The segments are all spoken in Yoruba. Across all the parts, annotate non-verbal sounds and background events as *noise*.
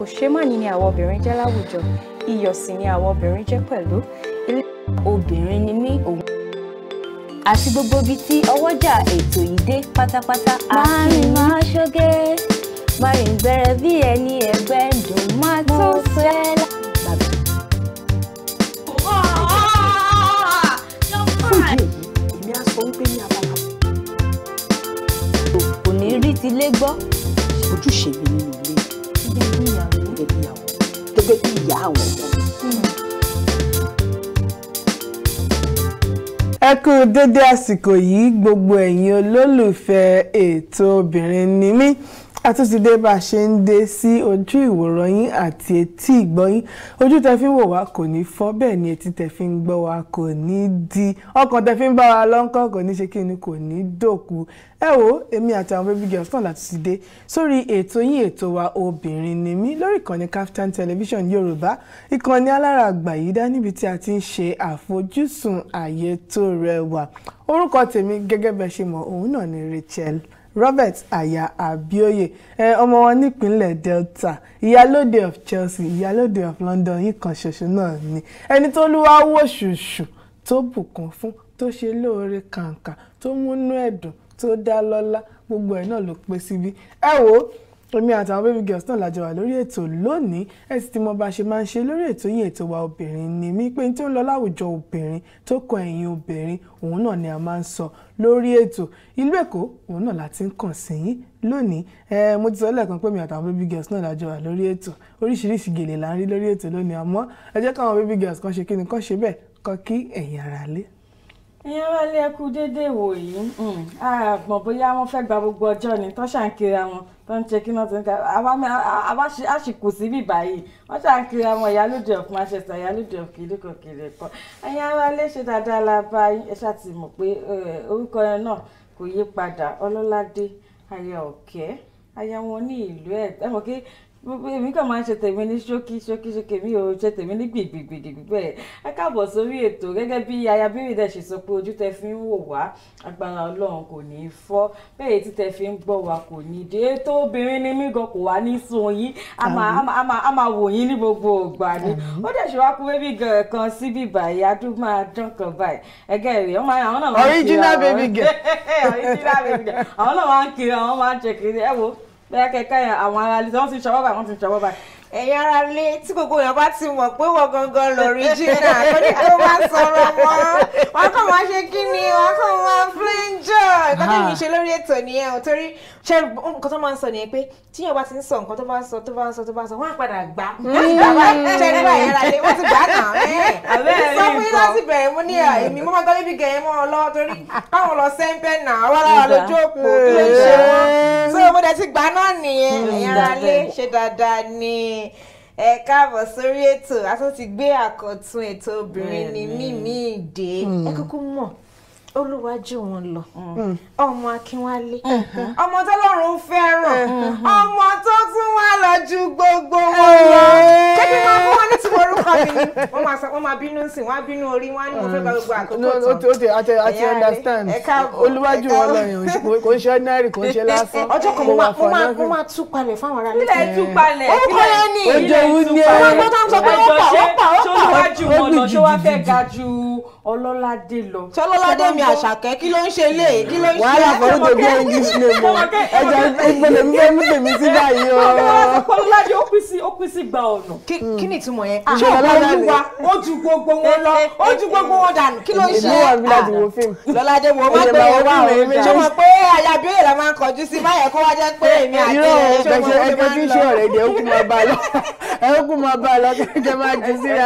kò ṣe má ní ni àwọn obìnrin jẹ́ láwùjọ iyọ̀ ni àwọn obìnrin jẹ́ pẹ̀lú ilé obìnrin ni mí òun. àti gbogbo ibi tí ọwọ́jà ètò yìí dé pátápátá. máa rìn máa ṣoge máa rìn gbẹrẹ bí ẹni ẹgbẹ́ dùn máa tó sẹ́lá. kò ní rí tilé gbọ́ ojúṣe mi nínú ilé gẹ́gẹ́ bí ìyàwó gẹ́gẹ́ bí ìyá àwọn ọmọ ẹ kú dédé àsìkò yìí gbogbo ẹ̀yin olólùfẹ́ ètò obìnrin ni mí àtúntìdé bá a ṣe ń dé sí ojú ìwòran yín àti etí ìgbọ́ yín ojú tẹ fi ń wò wá kò ní fọ́ bẹ́ẹ̀ ni etí tẹ fi ń gbọ́ wá kò ní di ọkàn tẹ fi ń bá wa lọ́ńkọ́ kò ní ṣe kí ni kò ní dòkú ẹ wo èmi àti àwọn baby girls náà láti dé sórí ètò yín ètò wa obìnrin ni mí lórí ìkànnì Kaftan television Yorùbá ìkànnì alára àgbà yìí dá níbi tí a ti ń ṣe àfojúsùn àyè rẹwà orúkọ tèmi gẹ́gẹ́ bẹ́ẹ̀ ṣe mọ̀ òun náà ni Rachel Robert aya Abioye ọmọ wọn nípínlẹ̀ Delta ìyálóde of Chelsea ìyálóde of London yìí kan ṣoṣo náà ni ẹni tó lúwa wò ṣùṣù tó bùkún fún tó ṣe lóore kàǹkà tó múnú ẹ̀dùn tó dá lọ́lá gbogbo ẹ̀ náà ló pé síbí ẹ wò ó èmi àtàwọn baby girls náà lájọ wà lórí ètò lónìí ẹ sì ti mọ bá a ṣe máa ń ṣe lórí ètò yìí ètò wa obìnrin ni mí pé tí ó ń lọ láwùjọ obìnrin tó kọ ẹ̀yìn obìnrin òun náà ni a máa ń sọ lórí ètò ìlú èkó òun náà láti ń kàn sí yín lónìí ẹ mo ti sọ lẹ́ẹ̀kan pé mi àtàwọn baby girls náà lájọ wà lórí ètò oríṣiríṣi gèlè là ń rí lórí ètò lónìí àmọ́ ẹ jẹ́ káwọn baby girls kan ṣe kí ni kan ṣe bẹ́ẹ̀ kan kí ẹ̀yin aráalé ìyẹn wá lé ẹkú déédéé wò yìí àmọ́ hmm, bóyá wọ́n fẹ́ gba gbogbo ọjọ́ ni tó ṣà ń kiri àwọn tó ń ṣe kí náà tó ń ka àwa àṣìkò síbí báyìí wọ́n ṣà ń kiri àwọn ìyálóde ọ̀kùn Manchester ìyálóde ọ̀kùn ìdíkọ̀ kiri ẹ̀kọ́ ìyẹn wá lé ṣe dáadáa la bá ẹ ṣáà ti mọ̀ pé orúkọ yẹn náà kò yí padà Ọlọ́ládé Ayọ̀kẹ́ aya wọn ní ìlú ẹ̀ ẹ mọ̀ kí èmi kàn máa ń ṣe tèmi ní ṣókí ṣókí ṣókí mi ò ṣe tèmi ní gbìgbìgbìgbì bẹ́ẹ̀ ẹ káàbọ̀ sórí ètò gẹ́gẹ́ bí ayabíyì dẹ̀ ṣe sọ pé ojú tẹ fi ń wò wá agbára ọlọ́run kò ní í fọ́ bẹ́ẹ̀ etí tẹ fi ń gbọ́ wa kò ní í dé tó obìnrin ni mí kò wá ní sun yín a máa wò yín ní gbogbo ìgbà ni ó dẹ̀ ṣe wá kú bébí girl kan sí bíbà yìí máa dán kan báyìí ẹgẹ́ rẹ̀ wọ́n àwọn náà máa ń kiri *laughs* àwọn náà máa ń kiri àwọn máa ń bẹ́ẹ̀ kẹ́kẹ́ yẹn àwọn ará ilé tí wọ́n ti ń ṣọwọ́ báyìí wọ́n ti ń ṣọwọ́ báyìí ẹ̀yin ara lé tí gbogbo èèyàn bá ti mọ̀ pé wọ́n gangan lórí jìnnà kó ní kó sọ̀rọ̀ mọ́ wọn kàn máa ṣe kí ni wọn kàn máa plain joy tó yìí ṣe lórí ètò nìyẹn o torí ṣe nǹkan tó máa ń sọ nìyẹn pé tíyẹn bá ti ń sọ nǹkan tó bá ń sọ tó bá ń sọ tó bá ń sọ wọn á padà gbà hmm. wọn gbà ṣe nígbà yẹn ara lé wọn ti gbà náà *laughs* ẹ sọ fún yín láti bẹ̀rẹ̀ mo ní ah, hmm. èmi mo máa gbọ́ yín ẹ káàbọ̀ sórí ètò a tún ti gbé àkọ́tún ètò obìnrin ni mímí ìdè ẹ hmm. kúkú mọ̀ olúwájú wọn lọ mm. ọmọ akínwálé ọmọ tọ́lọ́run fẹ́ràn mm-hmm. ọmọ tó tún wá lọ ju gbogbo wọn lọ kébí máa fún wọn ní ti orúkọ mi wọn máa sọ wọn máa bínú sí wọn á bínú orí wọn á ní mo fẹ́ gba gbogbo àkókò mm. tán. o ti àti àti understand olúwájú wọn lọ yàn kò ń ṣe ordinary kò ń ṣe lásán *laughs* ọjọ́ kan mo máa mo máa tú palẹ̀ fáwọn ará mi. ilẹ̀ tú palẹ̀ orúkọ yẹn ni ilẹ̀ tú palẹ̀ ọjọ́ ṣe tó olúwájú wọn lọ ṣé wàá fẹ́ ga jù ọlọ́ládé lọ. ṣé ọlọ́ládé mi àṣàkẹ́ kí ló ń ṣe lé kí ló ń ṣe. wàhálà for you to get english name o ẹja ìgbọ̀lẹ̀ mi fẹ́ mú tèmi sí báyìí o. ọlọ́ládé ó pín sí ó pín sí gba ọ̀nà. kí ni ìtumọ̀ yẹn. ṣé ọlọ́ládé ó ju gbogbo wọn lọ ó ju gbogbo wọn dànù kí ló ń ṣe. ìlú àbí láti wo ah. fíìmù. lọ́ládé wo má pé ìwà ọ̀rẹ́ ṣé mo pé ayabi òye la máa ń kọjú sí báyẹn kó wá jẹ́ pé èmi àti ẹ̀ ṣé mo máa ń lọ. ẹ ó kú máa bá a lọ kẹ́kẹ́ máa jù síra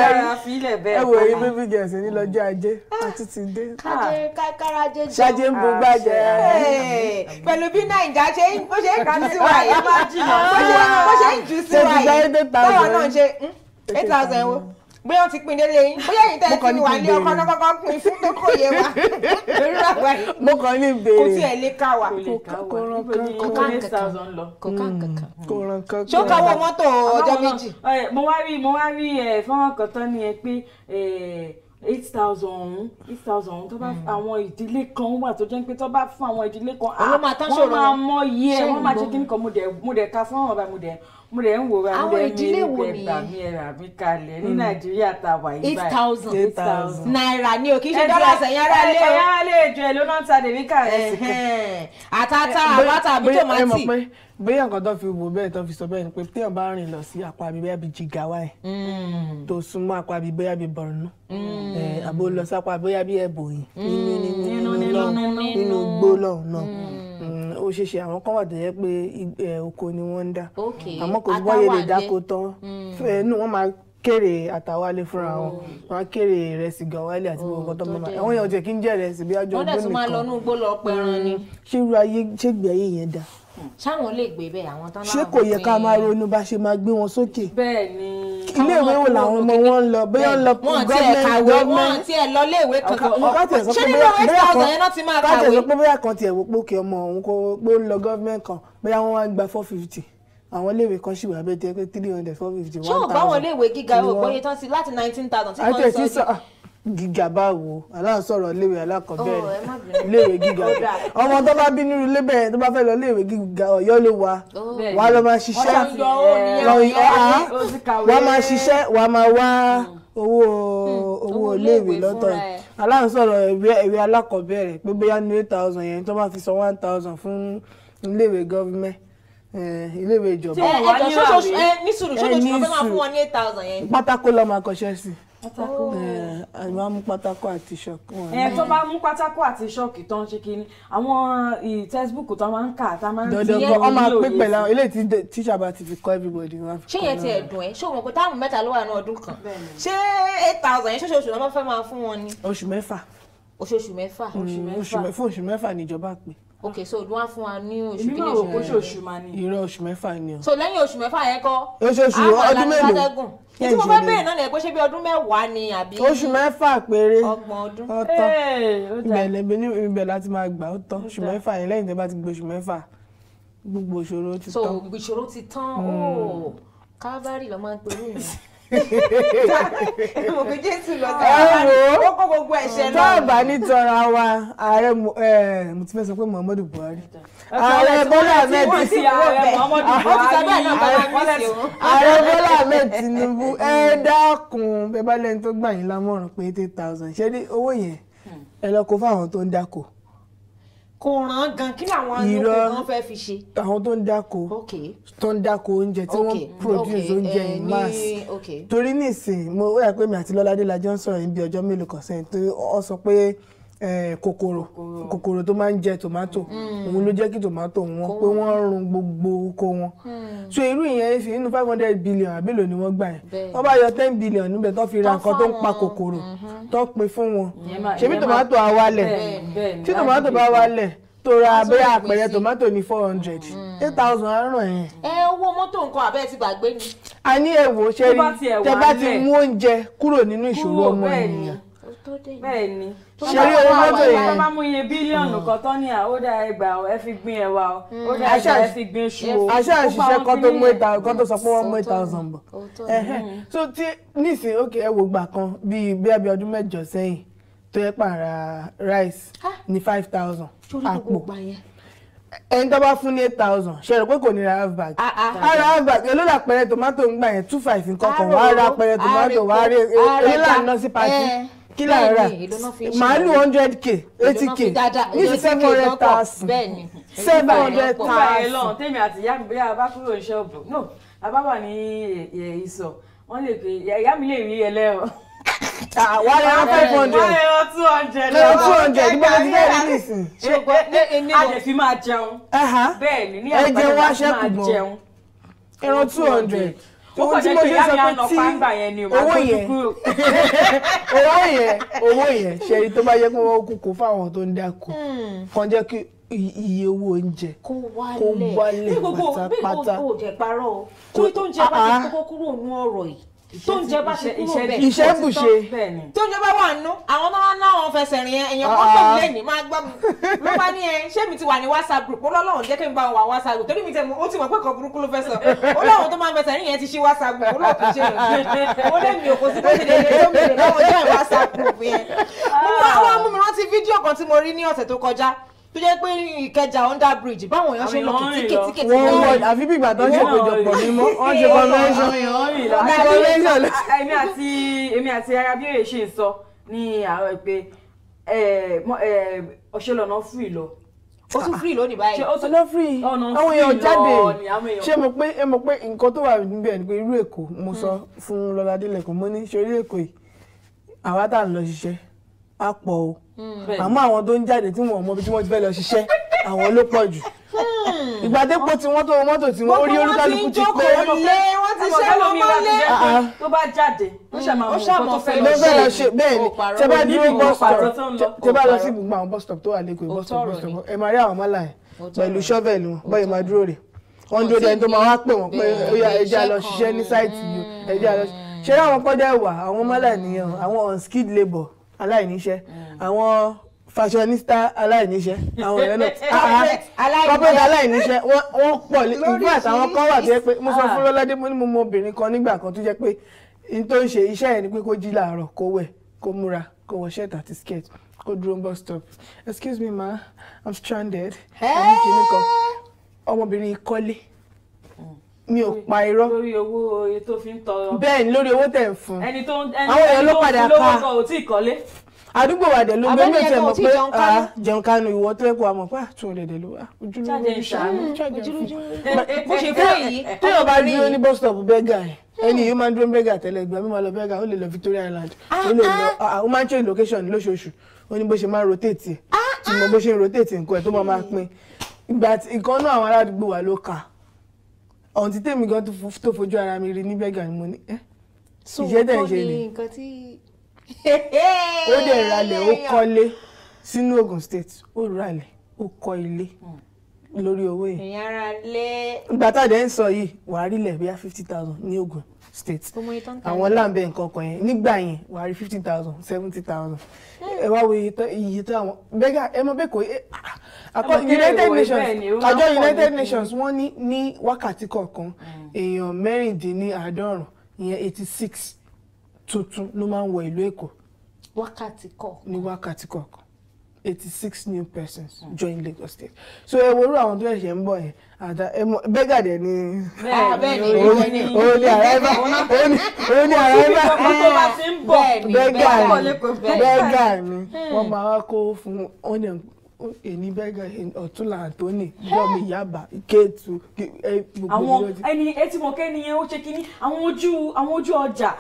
ẹ wò ó ibi bí gẹ̀ẹ́sì ní lọ́jọ́ ajé ah, àti ti dé. kájé ṣáájé ń bu gbàjẹ́. Ah, pẹ̀lú bí nàìjà ṣe ń bó ṣe ń kà sí wa yìí máa jìnnà bó ṣe ń jù sí wa yìí táwọn náà ṣe hmm? eight thousand wo bí wọ́n ti pín délé yín bóyá èyí tẹ́ ẹ ti wà ní ọkọ náà kọ́kọ́ pín fún tó kò yé wa lórí àgbà yìí mo kàn ní ìbéèrè kò tiẹ̀ lè ká wa kò ràn kankan kò ràn kankan kò ràn kankan hmm. ṣó káwọ́ mọ́tò ọjọ́ méjì. mo wá rí mo wá rí fọ́nrán kan tán ni ẹ pé eight thousand eight thousand ọ̀hún tó bá hmm. àwọn ìdílé kan wà tó jẹ́ pé tó bá fún àwọn ìdílé kan wọ́n ah, máa mọ iye wọ́n máa ṣe kí ni kan mo dẹ̀ ka fún àwọn ọba mo dẹ̀ mo rẹ̀ ń wo wa àwọn ìdílé wo ni ẹ̀rà mi kalẹ̀ ní hmm. nàìjíríà tá wà yí báyìí eight thousand eight thousand náírà ni o kì í ṣe dọ́là sẹ̀yìn lé o ẹ̀sẹ̀ lé ju ẹ̀ ló náà ta dèmí kà àtàtà àbátà àbí tòmátì. bóyá nǹkan tó fi wò bẹ́ẹ̀ tó fi sọ bẹ́ẹ̀ ni pé téèyàn bá rìn lọ sí apá àbí bóyá bíi Jigawa ẹ̀ hmm. tó súnmọ́ apá àbí bóyá bíi Borno hmm. àbó lọ sápá bóyá bíi ẹ̀bòyìn nínú nínú nínú o ṣeé ṣe àwọn kan wà tó yẹ pé oko ni wọ́n ń dá àmọ́ kò sí bọ́yẹ̀ lè dáko tán hmm. inú wọn máa kéré àtàwálé fúnra wọn hmm. wọn á kéré ìrẹsì gàwálé àti gbogbo nǹkan tó máa oh, àwọn èèyàn ò kí ń jẹ́ ìrẹsì bí ajọ́ ògbó nìkan wọ́n dẹ̀ tún máa lọ ní ugbó lọ pẹran ni. ṣé irú ayé ṣé ìgbé ayé yẹn dáa ṣáwọn lè gbé bẹ́ẹ̀ àwọn tán láwọn. ṣé kò yẹ ká máa ronú bá ṣe máa gbé wọn sókè. bẹ́ẹ̀ ni iléèwé wo làwọn ọmọ wọn ń lọ bóyá ń lọ gọ́ọ̀mẹ̀ntì gọ́ọ̀mẹ̀ntì. wọ́n ti ẹ̀ lọ iléèwé kankan ṣé nínú west house yẹn náà ti máa kàwé. káàtẹ̀ sọ pé bóyá kan tiẹ̀ wò pé òkè ọmọ òun kò pé ó ń lọ gọ́ọ̀mẹ̀ntì kan bóyá wọ́n wá gba four fifty àwọn iléèwé kan ṣì wà bẹ́ẹ̀ tẹ́ pé three hundred four fifty one thousand. ṣé ògbà wọn iléèwé gíga ògbóye tán sí láti nineteen thousand tí wọ́n ń sọ gíga báwo aláǹsọ̀rọ̀ léèwé alákọ̀ọ́bẹ̀rẹ̀ léèwé gíga ọmọ tó bá bí nírú lébẹ̀ tó bá fẹ́ lọ léèwé gíga ọ̀yọ́ ló wa wàá lọ máa ṣiṣẹ́ wàá máa ṣiṣẹ́ wàá máa wá owó owó léèwé lọ́tọ̀ aláǹsọ̀rọ̀ ìwé alákọ̀ọ́bẹ̀rẹ̀ pé bóyá ní eight thousand yẹn tó bá fi san one thousand fún iléèwé gọ́fíńmẹ̀ iléèwé ìjọba. ẹ ẹ jọ ṣoṣo ẹ ní sùúrù ṣoṣo ṣùgbọ́n fẹ́ máa fún wọn ní eight thousand yẹn. pátákó lọ́ọ́ máa kọṣẹ́ sí i pátákó àwọn oh. mú pátákó àti ṣọ́ọ̀kì. ẹ tó bá mú pátákó àti ṣọ́ọ̀kì tó ń ṣe kínní àwọn textbook tó máa ń kà tá máa ń tiẹ́ nílò yẹn. dandan ọmọ pé pẹ̀lú àwọn eléyìí tí tíṣà bá ti fi kọ́ everybody wọn. ṣé yẹn ti ẹ̀dùn ẹ̀ ṣé o mọ̀ pé táàmù mẹ́ta ló wà ní ọdún kan ṣé eight thousand yẹn ṣoṣooṣù lọ́mọ fẹ́ máa fún wọn ni. oṣù mẹ́fà. oṣooṣù hmm, mẹ́fà. oṣù mẹ́fà fún oṣù mẹ́fà níjọba pé ok so ìlú wa fún wa ní oṣù kìíní oṣù mẹ́fà ìrọ̀ oṣù máa ní. ìrọ̀ oṣù mẹ́fà ni o. so lẹ́yìn oṣù mẹ́fà yẹn kọ́. oṣooṣù ọdún mélòó tí mo fẹ́ bẹ̀rẹ̀ náà ni ẹ̀gbọ́n ṣe bí ọdún mẹ́wàá ni àbí. oṣù mẹ́fà péré ọgbọ̀n ọdún. ọtọ ìbẹ̀lẹ̀ ibẹ̀ láti máa gbà ó tán oṣù mẹ́fà yẹn lẹ́yìn tó bá ti gbé oṣù mẹ́fà gbogbo ìṣòro ti tán. so ìṣòro ti tán ó kábàárì lọ́ máa ń pe olóyìn *laughs* ìmọ̀kú jésù wa ààrẹ mo ti fẹ́ sọ pé muhammadu buhari ààrẹ bọ́lá ahmed ààrẹ bọ́lá ahmed tinubu ẹ dákun bẹ́ẹ̀ bá lẹ́ni tó gbà yín lámọ̀ràn pé eight thousand ṣé owó yẹn ẹ lọ kó fáwọn tó ń dáko kò ràn gan kí làwọn olóko fẹ́ fi ṣe. àwọn tó ń dáko tó ń dáko oúnjẹ tí wọ́n produce oúnjẹ eh, in mass torí nísìnyí mo ó pé mi àti Lọ́ládé la jọ ń sọ̀rọ̀ yìí ọjọ́ mélòó kan sẹ́yìn tó ọ sọ pé Eh, kòkòrò kòkòrò tó máa ń jẹ tòmátò mm. òun ló jẹ́ kí tòmátò wọn pé wọ́n run gbogbo oko wọn mm. so irú ìyẹn fi nínú five hundred billion àbílò ni wọ́n gbà yẹn wọ́n bá yọ ten billion níbẹ̀ tó fi ra nǹkan tó ń pa kòkòrò mm-hmm. tó pin fún wọn ṣebí tòmátò á wálẹ̀ tí tòmátò bá wálẹ̀ tó ra abẹ́rẹ́ àpẹẹrẹ tomato ní four hundred mm. eight thousand arán ẹ̀yìn. ẹ owó mọ́tò nǹkan abẹ́ ti gbàgbé ni. a ní ẹ̀wò ṣẹ́rí tẹ bá ti mú oúnjẹ kúrò nínú ìṣòro ọmọ ènìyàn bẹ́ẹ̀ ni ṣe rí owó mọ́tò yẹn tó mú iye bílíọ̀nù kan tán ní àódà ẹgbà ẹ fi gbin ẹ̀wà o hmm. ódà ẹgbà ẹ fi gbin iṣu o. àṣà àṣìṣe kan tó mú ìta kan tó sọ pé wọ́n mú ìta ọ̀sán bọ̀ so ti nísìnyí ó ẹ wò gbà kan bíi bí abẹ́ ọdún mẹ́jọ sẹ́yìn tó yẹ pààrà rice ní five thousand àpò ẹni tó bá fún ní eight thousand ṣe rò pé kò ní ra half bag ara ah, ah. half bag èló la pẹrẹ tomato ń gbà yẹn two five nǹkan kan wàá ra pẹrẹ tomato wàá rí èló là ń ná sí pati kí láì rà màálù hundred k eighty k níbi seven hundred thousand seven hundred thousand. ọ̀pọ̀ ẹ̀ lọ́n tèmi àti ìyá mi bóyá a bá kúrò ní ṣọ́ọ̀bù no a wà ní ìsọ̀ wọ́n lè pe ìyá mi lè rí ẹlẹ́wọ̀n ah, wọ́n lè rán five hundred wọ́n lè rán two hundred lọ́wọ́ two hundred nígbà tí bẹ́ẹ̀ ní nìsín. ṣùgbọ́n a lè fi máa jẹun bẹ́ẹ̀ ni ní àgbàdo láti máa jẹun. ẹran two hundred owó tí mo ṣe sọ pé tí owó yẹn owó yẹn owó yẹn ṣẹ́ni tó bá yẹ kó wọ́n kú kó fáwọn tó ń dáko hmm. kan jẹ́ kí iye owó oúnjẹ kó wálẹ̀ pátápátá bí gbogbo bí o ò jẹ̀ parọ́ o tó tó ń jẹ ah, bá ti ah. kókó kúrò nú ọ̀rọ̀ yìí tó ń jẹ bá ṣe kúrò bẹ́ẹ̀ iṣẹ́ ń bùṣe tó ń jẹ bá wà nínú àwọn náà náà fẹsẹ̀ rìn yẹn èèyàn kan pẹ̀lú lẹ́yìn máa gbọ́ ló bá ní ẹ ṣé mi ti wà ní whatsapp group ọlọ́run jẹ́ kí n bá wà whatsapp group torí mi tẹ̀ mú ó ti mọ̀ pé kan burúkú ló fẹ́ sọ ọlọ́run tó máa fẹsẹ̀ rìn yẹn ti ṣí whatsapp group ọlọ́run tó ṣe yẹn mo lé mi òkò sí bó ti lè lè lómi lè lọ́wọ́ jẹ́ whatsapp group yẹn mo wá mú mi rántí fídíò kan tí mo rí ní ọ̀sẹ̀ tó kọjá tó jẹ́ pé ìkẹjà under bridge báwọn èèyàn ṣe lọ kìtìkìtìkìtì. wọ́n wọ àfi bí ìgbà tó ń ṣe ìpéjọpọ̀ ní mọ́ wọ́n ṣe convention. èmi àti èmi àti arábìnrin ṣì ń sọ ní àárọ̀ pé ọ̀ṣẹ́lọ̀nà free lọ ó tún free lónìí báyìí ó tún lọ free àwọn èèyàn jáde ṣé mo pé ẹ mọ̀ pé nǹkan tó wà níbẹ̀ ni pé irú èkó mo sọ hmm. fún lọ́ládé lẹ́kọ̀ọ́ mo ní ṣe orí èkó yìí àwa tá à lọ ṣiṣẹ́ á pọ̀ o Hmm. àmọ́ àwọn tó ń jáde tí wọn ò mọ ibi tí wọ́n ti fẹ́ lọ ṣiṣẹ́ àwọn ló pọ̀ jù hmm. ìgbàdépò tí wọ́n tó mọ́tò tí wọ́n rí olúkálùkù ti pé wọ́n ti ṣe ló mọ́ lé ah, ah. tó bá jáde ó ṣàmà hmm. fẹ́ lọ ṣe bẹ́ẹ̀ tẹ bá dúró bus stop tẹ bá lọ sí gbogbo àwọn bus stop tó wà lẹ́kọ̀ọ́ bus stop bus stop ẹ máa rí àwọn mọ́là yẹn pẹ̀lú ṣọ́vẹ̀lì wọn bọ́yìí máa dúró rè wọ́n dúró dẹni tó máa wá pè wọ́n pé ó yá ẹja lọ ṣiṣẹ́ ní sáìtì yìí ẹja lọ ṣe ṣe láwọn kọ́dẹ̀ àwọn mọ́là nìyẹn àwọn on labour aláìníṣẹ́ mm. àwọn fashionista aláìníṣẹ́ àwọn èèyàn náà corporate *laughs* ah, ah, aláìníṣẹ́ wọ́n pọ̀ ìgbà àtàwọn kan wà tó yẹ pé mo sọ ah. fún lọ́ládé mo ní mo mọ obìnrin kan nígbà kan tó jẹ́ pé n tó ń ṣe iṣẹ́ ẹ̀ ni pé kó jí làárọ̀ kó wẹ̀ kó múra kó wọ ṣẹ́ẹ̀tì àti skirt kó dúró bus stop excuse me ma i'm stranded ọmọbìnrin kọ́lé mi ò pa irọ́ lórí owó tó fi ń tọrọ bẹ́ẹ̀ ni lórí owó tẹ̀ ń fún ẹni tó àwọn èèyàn ló padà ká àdúgbò wa dẹ̀ ló gbé mi ò tẹ̀ ah, mọ̀ pé jẹun ah, kánú ìwọ tó ẹ̀kọ́ àmọ̀ pé àtún olè dẹ̀ ló wà ah, ojúlówó ìṣàánú bó ṣe fún èyí tó yọ bá eh, eh, eh, dúró ní bus stop bẹ́gà ẹ̀ ẹni yìí máa ń dúró bẹ́gà tẹ́lẹ̀ ìgbà mi lọ bẹ́gà ó lè lọ Victoria Island ó lè lọ ó máa ń location lóṣooṣù ó ní bó ṣe máa rotate ẹ̀ tí mo bó ṣe ń rotate nǹkan ẹ̀ tó máa máa pin ìgbà ìkan náà àwọn aládùúgbò wa ló kà á ọ̀hún ti tèmi gan tó fojú ara mi rí ní bẹ́gà ni mo ní ẹ́ eh, ìjẹ́ dẹ̀ ń ṣe ni *laughs* ó dẹ̀ ralẹ̀ ó kọ́lé sínú Ogun State ó ralẹ̀ ó kọ́ ilé hmm. lórí owó yìí ìgbà tá a dẹ̀ ń sọ yìí wàá rí lẹ̀ bíi fifty thousand ní Ogun state àwọn láǹbẹ nǹkan kan yẹn nígbà yẹn wà á rí fifteen thousand seventy thousand hmm. ẹ wá wo iye tó àwọn bẹ́gà ẹ mọ bẹ́ẹ̀ kò ah, àkọ United Nations àjọ United Nations wọ́n ní ní wákàtí kọ̀ọ̀kan hmm. èèyàn mẹ́rìndínláàádọ́rùn ìyẹn eighty six tuntun ló máa ń wọ ìlú Èkó. wákàtí kọ̀ọ̀kan ní wákàtí kọ̀ọ̀kan. 86 new persons join Lagos State so ẹ wo irú àwọn tó ẹ̀ṣẹ̀ ń bọ̀ yẹn àdá ẹ mọ bẹ́gà dẹ̀ ni òní àrẹ́bà òní àrẹ́bà bẹ́gà ni bẹ́gà ni hmm. wọ́n máa wá kó fún ọ̀nà èní bẹ́gà ọ̀túnlá àtọ́nì bọ́ọ̀mù ìyábà kéètù gbogbo ìlọ́jì. àwọn ẹni etí mọ̀kẹ́ ni ó ṣe kínní àwọn ojú ọjà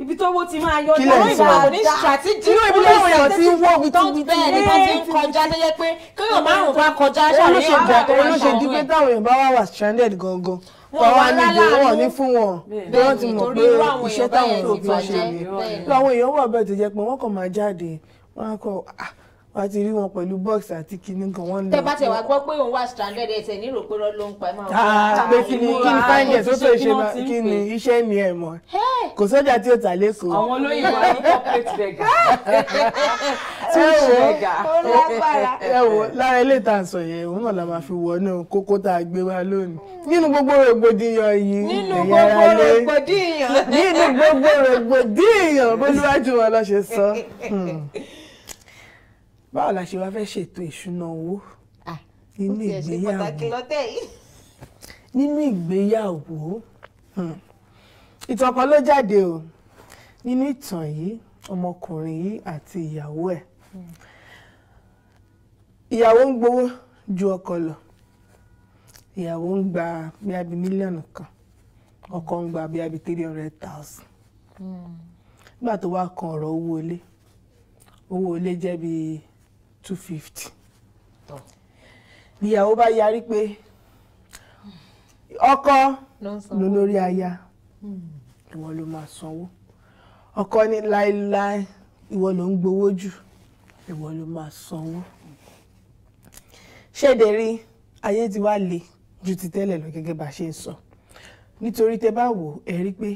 ibi tó owó ti máa yọ ní ọ̀rọ̀ ìgbà ní strategic inú ibi tó àwọn èèyàn ti ń wọ́ wíwí tó bẹ́ẹ̀ nípa ti ń kọjá tó yẹ pé kéèyàn márùn bá kọjá ṣàlùyẹ̀ ìgbà tó wá ṣàlùyẹ̀. olóṣèlú pé táwọn èèyàn bá wà wà stranded gangan wọ́n wá níbi wọ́n ní fún wọn bí wọ́n ti mọ̀ pé iṣẹ́ táwọn òbí ṣe ni àwọn èèyàn wà bẹ́ẹ̀ tó jẹ́ pé wọ́n kàn máa jáde wọ́n á kọ́ ah wọ́n ti rí wọn pẹ̀lú box àti kinní kan wọ́n lọ. tẹ bá tẹ wá gbọ́ pé òun wà stranded ẹsẹ̀ nírò pé ló ń pa ẹ̀ máa ah, wọ́n. pé kí ni kí ni fáìndì ẹ̀ tó tó ṣe máa kí ni iṣẹ́ ni ẹ̀ mọ̀ kò sọ́jà tí ó tà lẹ́kọ̀ọ́. àwọn olóyìnbó ní corporate beggar. tí ó wọ ẹ wọ lára ilé ìta àṣọ yẹn òun náà la máa fi wọ náà kókó tá a gbé wá lónìí. nínú gbogbo rògbòdìyàn yìí ẹ̀yà ara lé nínú gbogbo rògbòdìyàn bólúwájú wọn lọ ṣe sọ. Hmm báwo la ṣe wá fẹ́ ṣètò ìṣúná owó ah, nínú ìgbéyàwó nínú hmm, ìgbéyàwó ìtàn kan ló jáde o nínú ìtàn yìí ọmọkùnrin yìí àti ìyàwó ẹ̀ ìyàwó ń gbowó ju ọkọ lọ ìyàwó ń gba bíi abi mílíọ̀nù kan ọkọ ń gba bíi abi three hundred thousand hmm. nígbà tó wá kan ọ̀rọ̀ owó ilé owó ilé jẹ́ bíi two fifty níyàwó bá yarí pé ọkọ ló lórí aya hmm. ìwọ ló máa sanwó ọkọ ní láéláé ìwọ ló ń gbowó jù ìwọ ló máa sanwó ṣèdèrí ayé ti wá le ju ti tẹ́lẹ̀ lọ gẹ́gẹ́ bá a ṣe ń sọ nítorí tẹ bá wò ẹ rí pé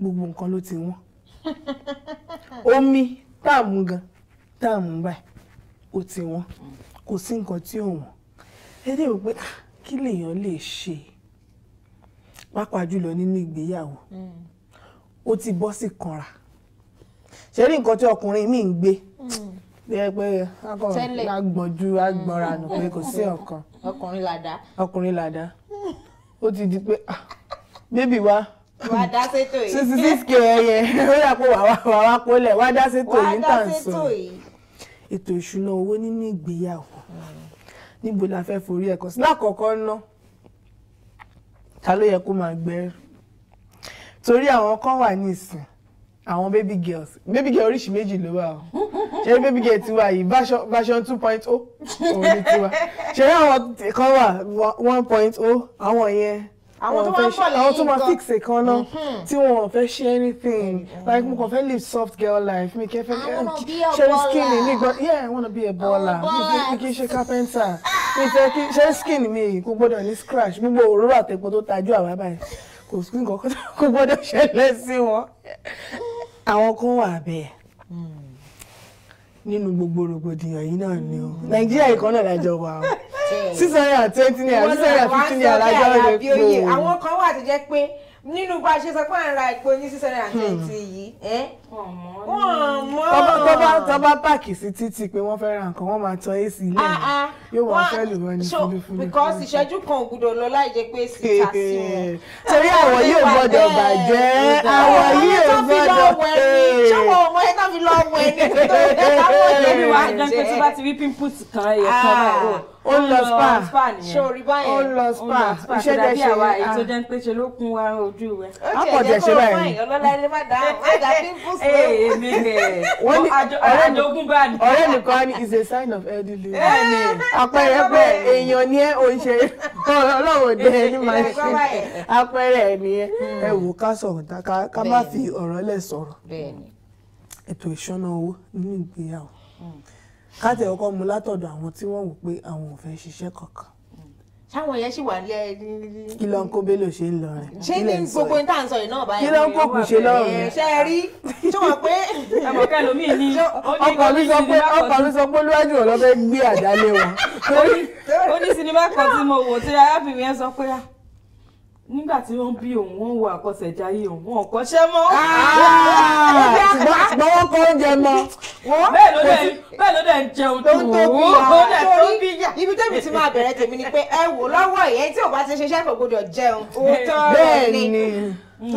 gbogbo nǹkan ló ti wọ́n *laughs* omi tá à mú gan tá à mú báyìí ó ti wọ́n kò sí nǹkan tí ò wọ́n ẹ dé wò pé ah, kí lèèyàn lè ṣe pàápàá jùlọ nínú ìgbéyàwó ó ti bọ́ sí kanra ṣe rí nǹkan tí ọkùnrin mi ń gbé bẹ́ẹ̀ pé agbọ̀njú agbọ̀nra nù pé kò sí ọ̀kan ọkùnrin làdá ọkùnrin làdá ó ti di pé ah, bébì wa wàá dá sétò yìí sixty six k ẹyẹ ó yà pé wàá wàá kólẹ̀ wàá dá sétò yìí ń tàn sùn ètò ìṣúná owó nínú ìgbéyàwó níbo la fẹ́ forí ẹ̀kọ́ sí lákọ̀ọ́kọ́ ná ta ló yẹ kó máa gbẹ́rù torí àwọn kan wà nísìn àwọn baby girls baby girl oríṣi méjì ló wà o ṣe baby girl tiwa yìí version two point oh òun ni tiwa ṣe àwọn kan wà one point oh àwọn yẹn àwọn tó máa ń bọ̀ lẹ́yìn gan àwọn tó máa fix ìkan náà mhm. tí wọn ò fẹ́ ṣe anything mm, mm. like mo kàn fẹ́ live soft girl life mi kẹ́ fẹ́ ṣeré skin mi gbọ́ yeah I wanna be a baller mi kì í ṣe carpenter mi fẹ́ kí ṣeré skin mi kò gbọ́dọ̀ ní scratch gbogbo òróró àtẹ̀pọ̀ tó tajú àwa báyìí kò sí nǹkan kó *laughs* gbọ́dọ̀ ṣẹlẹ̀ sí wọn mm. àwọn kan wà bẹ́ẹ̀ nínú gbogbo rògbòdìyàn yìí náà ni o mm. nàìjíríà ìkan náà lájọ wa o six hundred and twenty naira six hundred and fifty naira lájọ rẹ pé o. àwọn kan wà tó jẹ́ pé nínú bá a ṣe sọ pé à ń ra epo ní six hundred and hmm. twenty yìí wọ́n mọ́ tọ́ba tọ́ba pààkì sí títì pé wọ́n fẹ́ ra nǹkan wọ́n máa tan ac ilé wọn yóò wọ́n fẹ́ lù wọ́n ní fúlùfúlù. because ìṣẹ́jú kan ò gbọ́dọ̀ lọ láì jẹ́ pé èsì ta sí wọn. torí àwọ̀ yìí ò gbọ́dọ̀ bàjẹ́ àwọ̀ yìí ò gbọ́dọ̀ ṣé wọ́n ọmọ yẹn náà fi lọ ọmọ ẹni tó yẹ káwọn ọjọ́ mi wá jẹ́ pé tí bá ti rí pimples kan ẹ̀yẹ kan báyìí ó lọ spa ṣé orí báyẹn ó lọ spa iṣẹ́ dẹ̀ ṣe àwa ètò jẹ́ pé ṣe ló kun wa ojú rẹ̀. ó jẹ́ kó o fáyìn ọlọ́lá ilé má dá má dá pimples lé. èmi nì ọ̀rẹ́ dogun bá ní. ọ̀rẹ́ nìkan ni is a sign of elderly. àpẹẹrẹ pé èèyàn ni ẹ ò ń ṣe ọlọ́wọ́ dẹ ẹni máa ṣe àpẹẹrẹ ẹ nìyẹn ẹ wò ká sọ̀rọ̀ ká má fi ọ̀rọ̀ lẹ̀ sọ̀rọ̀. bẹ́ẹ̀ni ètò ìṣúná owó nínú ìgbéyàwó káàtì ọkọ mu látọ̀dọ̀ àwọn tí wọ́n wò pé àwọn ò fẹ́ ṣiṣẹ́ kankan. sáwọn yẹn ṣì wà ní ẹ. kí ló ń kó bélò ṣe ń lọ rẹ. ṣé ní gbogbo ní tàǹsọ yìí náà báyìí. kí ló ń kó kù ṣe lọ́rùn rẹ. ṣé ẹ rí tí wọ́n pé. ẹ̀mọ̀kẹ́ lomi ni ọkọ mi sọ pé ọkọ mi sọ pé olúwájú ọ̀lọ́ fẹ́ gbé àdálé wọn. ó ní sinimá kan tí mo wò tí arábìnrin yẹn sọ pé ah, nígbà tí wọ́n bí òun wọ́n wo àkọsẹ̀jáyé òun wọn kọ́ṣẹ́ mọ́. Ah! ṣùgbọ́n wọ́n kọ́ oúnjẹ mọ́. bẹ́ẹ̀ ló dẹ̀ ń jẹun tó wò ó dẹ̀ tó bí yà. ibi tẹ́mi ti máa bẹ̀rẹ̀ tèmi ni pé ẹ wò lọ́wọ́ ìyẹn tí ò bá ti ṣiṣẹ́ kò gbọdọ̀ jẹun. òótọ́ ni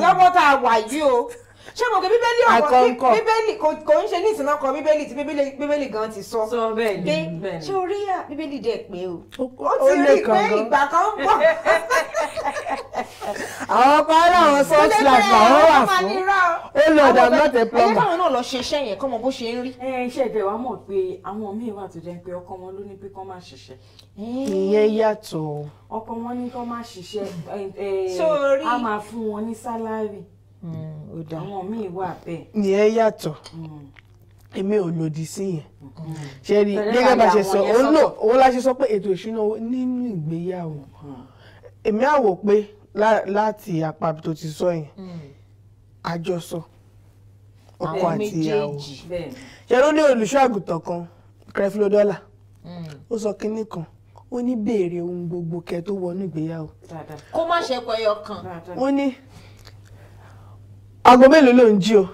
lọ́wọ́ tá a wà yìí o ṣé mo kẹ bíbélì ọ̀rọ̀ bíbélì kò ń ṣe ní ìsìn ọkọ̀ bíbélì tí bíbélì gan ti sọ pé ṣé orí à bíbélì dẹ̀ pé o ó ti rí pé ìgbà kan ń bọ̀. *laughs* àwọn ọkọ aláwọn sọ́ọ̀tìlàs làwọn wà fún ó lọ ọ̀dà mọ́tẹ̀ plọ́mà. ẹ̀yẹ́ káwọn náà lọ ṣe iṣẹ́ yẹn kọ́mọ bó ṣe ń rí. ẹ iṣẹ́ ìbẹ̀ wa mọ̀ pé àwọn míì wà tó jẹ́ pé ọkọ wọn ló ní pé kọ́ máa ṣiṣẹ́. ìyẹn yàtọ̀. ọkọ wọn ní kọ́ máa ṣiṣẹ́ a máa fún wọn ní sálárì. Mm, àwọn míì wà bẹ́ẹ̀. ìyẹn yàtọ̀ mm. èmi ò lòdì sí yẹn mm. ṣe rí gẹ́gẹ́ bá ṣe sọ òun náà òun la ṣe sọ pé ètò ìṣúná nínú ìgbéyàwó èmi àwò pé láti apá tó ti sọ yẹn àjọsọ ọkọ àti ìyàwó ṣe ló ní olùṣọ́ àgùntàn kan kẹfìló dọ́là ó sọ kínní kan ó ní béèrè ohun gbogbo kẹ tó wọnú ìgbéyàwó. kó má ṣe pẹyọ kan. ó ní aago mélòó ló ń jí o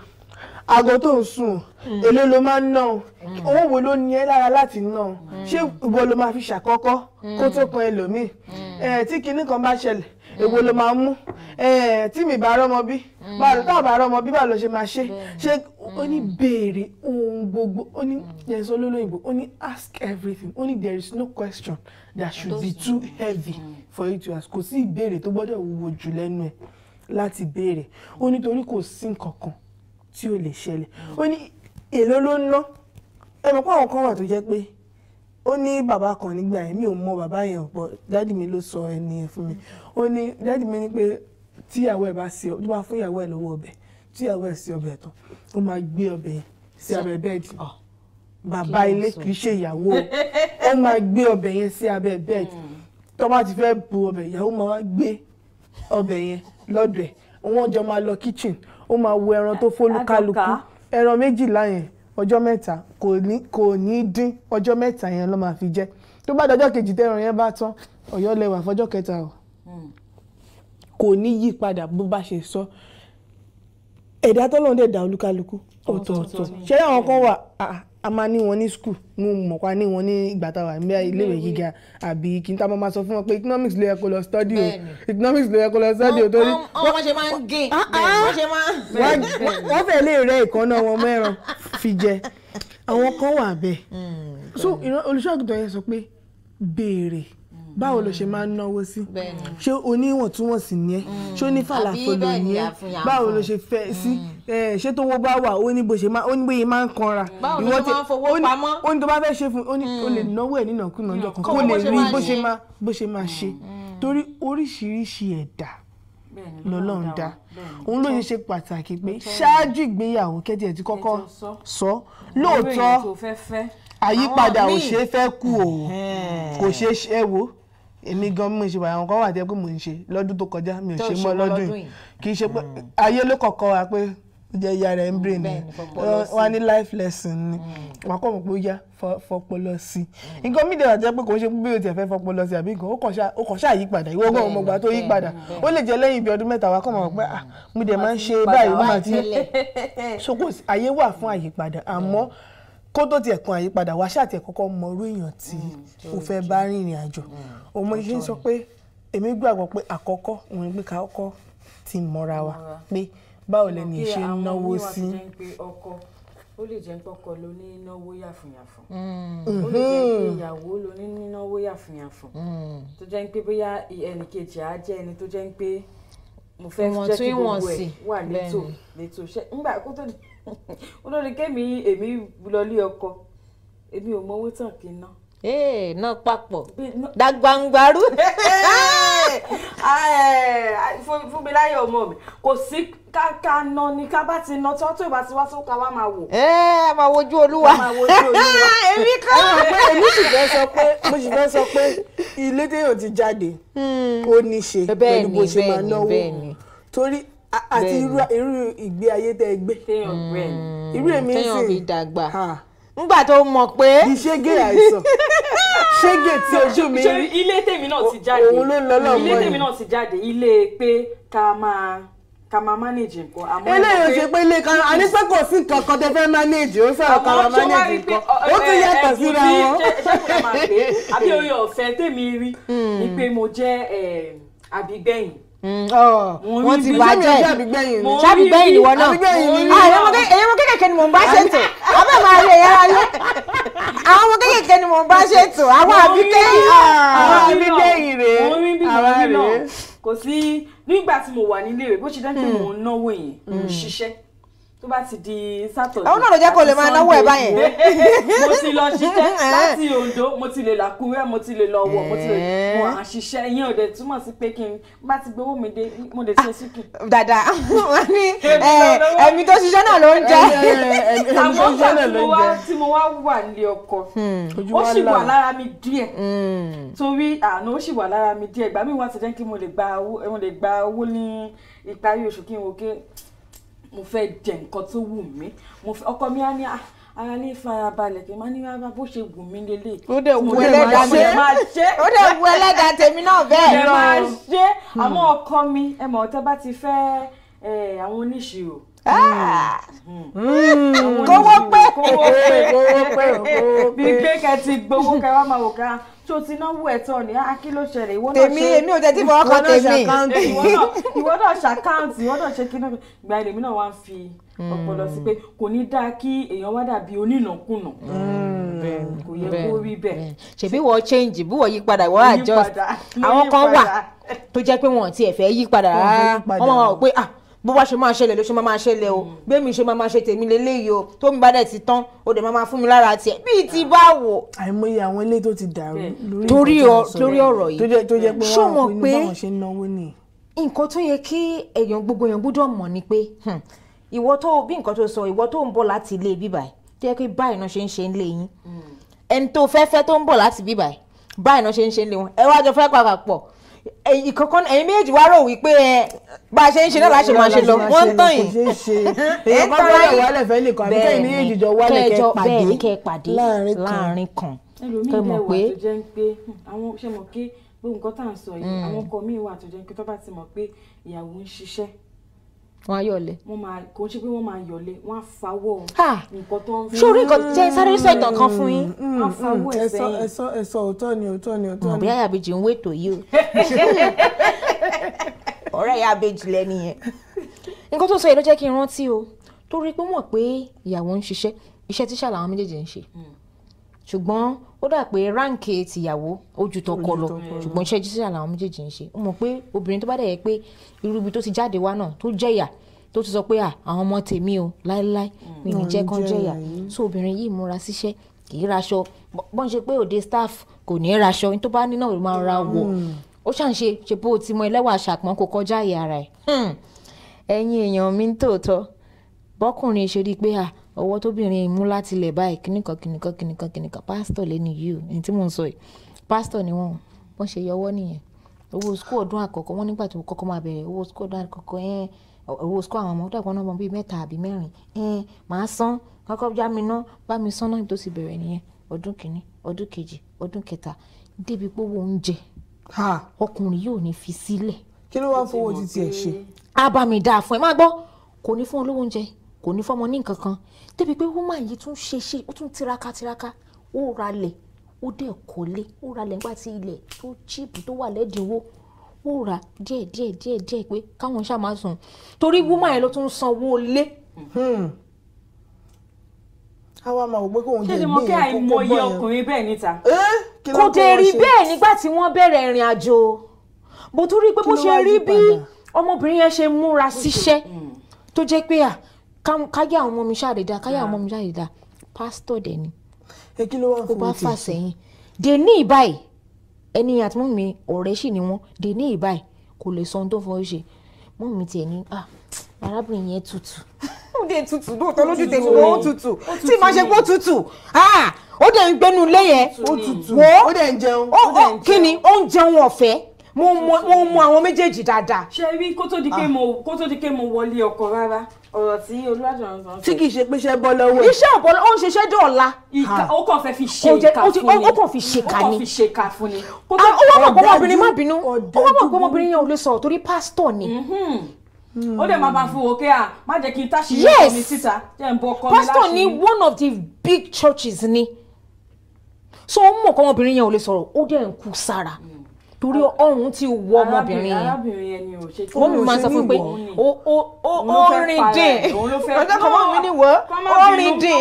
aago tó ń sùn hmm. èló ló máa ń ná hmm. owó wo ló ní ẹ lára láti ná hmm. ṣé ìwọ ló máa fi ṣàkọ́kọ́ kó tó kan ẹlòmíì eh, tí kinní kan bá ṣẹlẹ̀ èwo ló máa ń mú eh, tí mi bá rọ́mọ bí bá bá rọ́mọ bí bá lọ ṣe máa ṣe ṣé ó ní béèrè ohun gbogbo ó ní yẹsọ lólóyìnbó ó ní ask everything ó ní there is no question that should be too heavy for you to ask kò sí ìbéèrè tó gbọ́dọ̀ wúwo jù lẹ́nu ẹ̀ láti béèrè ó nítorí kò sí nǹkan kan tí ó lè ṣẹlẹ̀ ó ní èló ló ń ná ẹ mọ̀ pé àwọn kan wà tó jẹ́ pé ó ní bàbá kan nígbà yẹn mi ò mọ bàbá yẹn ọ̀pọ̀ dáàdì mi ló sọ ẹni yẹn fún mi ó ní dáàdì mi ní pé tíyàwó ẹ bá ṣe ọ tó bá fún ìyàwó ẹ lọ́wọ́ ọbẹ̀ tíyàwó ẹ ṣe ọbẹ̀ tán ó máa gbé ọbẹ̀ yẹn sí abẹ́ bẹ́ẹ̀dì ah, bàbá ilé kì í ṣe ìyàwó ó máa gbé ọbẹ̀ yẹn sí abẹ́ bẹ́ẹ̀dì hmm. tó bá ti fẹ́ bu ọbẹ̀ ìyàwó máa wá gbé ọbẹ̀ yẹn lọ́dọ̀ ẹ̀ wọ́n jọ máa lọ kitchen ó máa wo ẹran tó fólúkálukú ẹran méjìlá yẹn ọjọ́ mẹ́ta kò ní dín ọjọ́ mẹ́ta yẹn ló máa fi jẹ tó bá dọjọ́ kejì tẹ́ran yẹn bá tán ọ̀yọ́ lẹ́wà fọjọ́ kẹta o hmm. kò ní yí padà bó bá ṣe sọ ẹ̀dá tọ́lọ́run dẹ̀ dá olúkálukú ọ̀tọ̀ọ̀tọ̀ ṣé àwọn kan wà ah, a máa ní wọn ní skul mo mọ̀ pa ní wọn ní ìgbà tá a wà ní iléèwé gíga àbí kí n tá a máa sọ fún wọn pé economics ló yẹ kó lọ study o economics ló yẹ kó lọ study o torí. wọ́n ṣe máa ń gé ah, ah. wọ́n ṣe máa ń. wọ́n fẹ́ lè rẹ́ ìkànnà wọn mẹ́ràn fi jẹ àwọn kan wà bẹ́ẹ̀ hmm. so olùṣọ́ àgùntàn yẹn sọ pé béèrè báwo ló mm. ṣe máa ń náwó sí ṣé oníwọ̀ntúnwọ̀nsì ni ẹ mm. ṣé ó ní fàlàfọlọ ni ẹ báwo ló ṣe fẹ́ sí mm. ṣé tó wọ́ bá wà ó ní bó ṣe máa ó ní bóyá máa ń kanra ìwọ ti ó ní tó bá fẹ́ ṣe fún ó lè náwó ẹ̀ nínàkúnà ọjọ́ kan kó lè rí bó ṣe máa ṣe torí oríṣiríṣi ẹ̀dá lọ́lọ́run dá òun ló ṣe ṣe pàtàkì pé ṣáájú ìgbéyàwó kẹ́tì ẹ̀ ti kọ́kọ́ sọ lóòótọ́ àyípadà ò ṣeé fẹ́ kú o kò ṣeé ṣe wo èmi gan mo ṣe àwọn kan wà tẹ́ pé mo ń ṣe lọ́dún tó kọjá mi ò ṣe mọ́ lọ́dún yìí kì í ṣe pé hmm. ayé ló kọ̀kọ́ wa pé jẹ́ ìyá rẹ̀ ń bèrè ni wọ́n ní life lesson ni hmm. wọ́n kọ́ mọ̀ pé ó yá fọpọlọ sí i hmm. nǹkan mídìí àti pé kò ń ṣe bí o tiẹ̀ fẹ́ fọpọlọ sí àbí nǹkan ó kàn ṣáà yípadà ìwé ọgbọ́n ọmọgbà tó yípadà ó lè jẹ́ lẹ́yìn ibi ọdún mẹ́ta wa kọ́ mọ̀ pé ah mo dẹ̀ máa ń ṣe báyìí mo máa ti ṣokò ayé wà fún àyípadà àmọ́ kó tó tiẹ̀ kan àyípadà wá ṣáà tiẹ̀ kọ́kọ́ mọ irú èèyàn tí mm, o fẹ́ bá rìn ìrìn àjò ọmọ mm, yìí ń sọ pé èmi gbàgbọ́ pé àkọ́kọ́ òun pé ká ti mọ́ra wa pé báwo lẹni ìṣe ń náwó sí. ó lè jẹ́ pé ọkọ ló ní náwó yàfùnyàfùn mm. ó lè jẹ́ pé mm-hmm. ìyàwó ló ní náwó yàfùnyàfùn tó jẹ́ pé bóyá ẹnìkejì á jẹ́ ẹni tó jẹ́ pé mo fẹ́ jẹ́ kí gbogbo ẹ̀ wà létò létò ṣe olórí *laughs* kémi èmi lọlé ọkọ èmi ò mọ tàn kí n ná. ee náà papọ̀ dàgbàǹgbàrú. *laughs* Fúnmiláyọ̀ ọmọ mi kò sí ká ná ni ká bá ti ná tán tó ìbá ti wá tó ká wá máa wò. ẹ ẹ máa wojú olúwa *laughs* èmi kọ́. èmi sì fẹ́ sọ pé mo sì fẹ́ sọ pé ilé téèyàn ti jáde hmm. ó ní ṣe pẹ̀lú bó ṣe máa náwó torí àti irú ìgbé ayé tẹ́ gbé mm. irú èmi ń sìn ngbà tó mọ̀ pé. ìṣègé àìsàn *laughs* ṣége tí ojú mi ilé tèmi náà ti jáde òun ló ń lọ lọ́mọ yìí ilé tèmi náà ti jáde ilé pé ká máa ká máa manage nǹkan. eléyìí ò ṣe pé ilé kan a ní pé kò sí nǹkan kan tẹ fẹ́ manage ó sọ̀rọ̀ ká máa manage nǹkan ó tún yàtọ̀ síra wọn. àbí ọ̀fẹ́ tèmi rí *laughs* hmm. ni pé mo jẹ́ àbígbẹ̀yìn Mm, oh, wọ́n ti bàjẹ́ ṣàbígbẹ́yìn ni wọ́n náà ah, àwọn ọmọ kékèké ni mò ń bá ṣètò abẹ́ máa rí ẹ̀yà ayé àwọn ọmọ kékèké ni mò ń bá ṣètò àwọn àbíkẹ́yìn ah, àwọn àbíkẹ́yìn rèé àwọn rèé. kò sí nígbà tí mo wà nílé rẹ̀ bó ṣe dájú pé hmm. mò ń náwó yẹn mò ń hmm. ṣiṣẹ́ tó bá ti di sátọ̀dé àwọn náà ló jẹ́ kó lè máa náwó ẹ̀ báyẹn. *laughs* mo ti lọ ṣiṣẹ́ *laughs* eh. láti Ondo mo ti lè làkúrẹ́ mo ti lè lọ wọ̀ mo ti lè mọ eh. àṣìṣe ìyẹn ò dẹ̀ túmọ̀ sí pé kí n bá ti gbowó mi dé mo lè ṣe síkì. Ah, dada *laughs* wọn ní eh, ẹ̀mí tó ṣiṣẹ́ náà ló ń jẹ́. àmọ́ ìgbà tí mo wá wà nílé ọkọ hmm. ó sì wà lára mi díẹ̀ hmm. torí àná ó sì wà lára mi díẹ̀ ìgbà mi wá ti jẹ́ kí mo lè gba owó ní ìparí oṣù kí n wò kí mo fẹ́ jẹ nǹkan tó wù mí mo fẹ́ ọkọ mi á ní ah, ara lè fara balẹ̀ kí n má ní rárá bó ṣe wù mí lélẹ̀. ó dẹ̀ wù ẹlẹ́dàá mi ó dẹ̀ wù ẹlẹ́dàá tèmi náà bẹ́ẹ̀ lọ. ẹ máa ṣe hmm. àmọ́ ọkọ mi ẹ mọ̀ ọ́ tẹ́ bá ti fẹ́ ah! hmm. Hmm. àwọn oníṣirò kówó pé kówó pé *laughs* kówó pé bíi pé kẹ ti gbowó kẹ wá máa wò ká tó ti náwó ẹ̀ tán ni á ah, kí ló ṣẹlẹ̀ ìwọ náà ṣe tèmi èmi ò tẹ́tí fọwọ́ kan tèmi ìwọ náà ṣàkáǹtì ìwọ náà ṣe kí náà gba ẹlẹ́mi náà wá ń fi ọpọlọ sí pé kò ní dáa kí èèyàn wá dàbí onínàkúnà mm, kò yẹ kó rí bẹ́ẹ̀. ṣèbí wọ́n change bí wọ́n yí padà wọ́n adjust àwọn kan wà tó jẹ́ pé wọ́n ti ẹ̀ fẹ́ yí padà rárá wọ́n máa wọ̀ pé ah bó bá ṣe máa ṣẹlẹ̀ ló ṣe máa máa ṣẹlẹ̀ o gbẹ̀mí mm. ṣe máa máa ṣe tèmi lélẹ́yìí o tó mi bá dẹ̀ ti tán o dẹ̀ máa máa fún mi lára tiẹ̀ bíi ti bá wò. àìmọye àwọn ilé tó ti dàrú lórí ọ̀rọ̀ yìí tó jẹ́ pé wọ́n pé báwọn ṣe ń náwó nìyí. nǹkan tó yẹ kí èèyàn gbogbo èèyàn gbọ́dọ̀ mọ̀ ni pé hmm, ìwọ tó bí nǹkan tó sọ ìwọ tó ń bọ̀ láti ilé bíbáyìí tó yẹ kí báyìí náà ṣe ń ìkọ̀kan ẹ̀yin méjì wá rò wípé ẹ bá a ṣe ń ṣe náà láṣẹ máa ṣe lọ wọ́n ń tàn yín. *laughs* ẹ ń tàn yín wálẹ̀ fẹ́ lè kàn àbíkẹ́ ìní méjì jọ wálẹ̀ kẹ́ pàdé láàrin kan kẹ́ mọ̀ pé. Hmm, àwọn ṣe mọ̀ pé gbogbo nǹkan tá à ń sọ yìí hmm. àwọn ọkọ mi wà tó jẹ́ pé tó bá ti mọ̀ pé ìyàwó ń ṣiṣẹ́ wọ́n á yọ̀lẹ̀. wọ́n máa kò ń ṣe pé wọ́n máa yọ̀lẹ̀ wọ́n á fawọ́ nǹkan tó ń fi. sórí nǹkan jẹ́ sáré sọ ìtàn kan fún yín. Mm, mm, wọ́n á fawọ́ ẹ̀sẹ̀ yìí. ẹ̀sọ́ ẹ̀sọ́ òótọ́ ni òótọ́ ni òótọ́ ni. ọ̀bí àyàbèjì ń wètò yìí o *laughs* ọ̀rẹ́ àyàbèjì lẹ́ni yẹn. nǹkan tó sọ yìí ló jẹ́ kí n rántí o torí pé mọ̀ pé ìyàwó ń ṣiṣẹ́ iṣẹ́ tíṣà làwọn méjèèjì ń ṣe. Mm ṣùgbọ́n ó dà pé ráǹkì tìyàwó ojú tọkọ lọ ṣùgbọ́n iṣẹ́ jíṣẹ́ làwọn méjèèjì ń ṣe ó mọ̀ pé obìnrin tó bá dẹ̀ yẹ pé irú ibi tó ti jáde wá náà tó jẹ̀yà tó ti sọ pé àwọn ọmọ tèmi o láéláé mi ní mm. jẹ́ kán jẹ̀yà so obìnrin yìí múra síṣẹ́ kì í raṣọ bọ́n ṣe pé òde staff kò ní í raṣọ ní tó bá ní náà ló máa ra wọ̀ mm. ó ṣàǹṣe ṣe bó o ti mọ ẹlẹ́wà ṣàpọ́n kò kọjá ìyá rẹ̀ hmm. ẹ̀yin èèyàn mi ń tòótọ́ bọ́kùnrin ṣe rí i pé ọwọ́ tóbìnrin mú láti ilẹ̀ báyìí kíníkan kíníkan kíníkan kíníkan pásítọ̀ lẹ́nu yìí ní tí mò ń sọ yìí pásítọ̀ ni wọ́n wọ́n ṣe yọwọ́ nìyẹn owó skul ọdún àkọ́kọ́ wọ́n nígbà tó kọ́kọ́ máa bẹ̀rẹ̀ owó skul ọdún àkọ́kọ́ ẹ̀ owó skul àwọn ọmọ dàgbọ́n náà mọ bíi mẹ́ta àbí mẹ́rin ẹ̀ máa san kọ́kọ́ já mi ná bá mi san náà tó sì bẹ̀rẹ̀ nìyẹn ọdún kìíní ọdún kejì ọdún kẹta débi pé owó oúnjẹ ọkùnrin yóò ní fi sílẹ̀. kí ló wá fowó títí ẹ ṣe. a bá mi dáa fún ẹ má gbọ́ kò ní fún olówó oúnjẹ kò ní fọmọ ní nǹkan kan débi pé woman yìí tún ṣe ṣe ó tún tiraka tiraka ó ralẹ̀ ó dẹ̀ kọ́lé ó ralẹ̀ nígbà tí ilẹ̀ tó chíìpù tó wà lẹ́dínwó ó rà díẹ̀ díẹ̀ díẹ̀ díẹ̀ pé káwọn ṣáà máa sùn torí woman yẹn ló tún sanwó lé. àwa hmm. máa wò pé kóun jẹ ìgbéyàwó kó bọ́ yẹn. ni mo kí àìmọye ọkùnrin bẹ́ẹ̀ níta. Eh? kò dé rí bẹ́ẹ̀ nígbà tí wọ́n bẹ̀rẹ̀ ìrìn àjò bó tún pé bó ṣe rí bí ọmọbìnrin yẹn ṣe múra síṣẹ́ hmm. tó jẹ́ pé à káyé àwọn ọmọ mi ṣáàdé dá káyé àwọn ọmọ mi ṣáàdé dá pásítọ̀ dẹ̀ ni ó bá fà sẹ́yìn dè ní ìbáyìí ẹni àti mọ́ mi ọ̀rẹ́ sì ni wọ́n dè ní ìbáyìí kò lè sọ ohun tó fọwọ́ ṣe mọ́ mi tiẹ̀ ní ah, arábìnrin yẹn tutù ó dé tutù lóòótọ́ lójú tèmi ó tutù tí màá ṣe kó tutù ah, ó dẹ̀ ń gbénu ilé yẹn wò ó dẹ̀ ń jẹun kí ni ó ń jẹun ọ̀fẹ́ mo mọ àwọn méjèèjì dáadáa. ṣe rí ah. kó tó di pé mo wọlé ọkọ rárá ọ̀rọ̀ tí olùwàjọ̀rọ̀ sọ. tí kì í ṣe pé iṣẹ́ bọ́ lọ́wọ́ ẹ̀. iṣẹ́ ọ̀bọ ó ń ṣiṣẹ́ dọ̀la. ó kàn fẹ́ fi ṣe ìka fún ni ó kàn fi ṣe ìka ni. ó kàn fi ṣe ìka fún ni. Ah, ó wá mọ̀ pé ọmọbìnrin má bínú ó wá mọ̀ pé ọmọbìnrin yẹn ò lè sọ̀rọ̀ torí pásítọ̀ ni mm-hmm. hmm. ó dẹ̀ máa bá fún òkè à má jẹ́ kí n táṣì yẹ omi síta jẹ́ n bọ́ kọ́ mi láṣìírí. pastor ni one of the big churches ni so ó mọ̀ kọ́ ọmọbìnrin yẹn ò lè sọ̀rọ̀ ó dẹ̀ ń kú sára. Mm torí ọrùn ti wọ ọmọbìnrin yẹn o mi máa sọ fún pé o rìn dín ọjọ́ kan mọ́ mi níwọ̀ o rìn dín.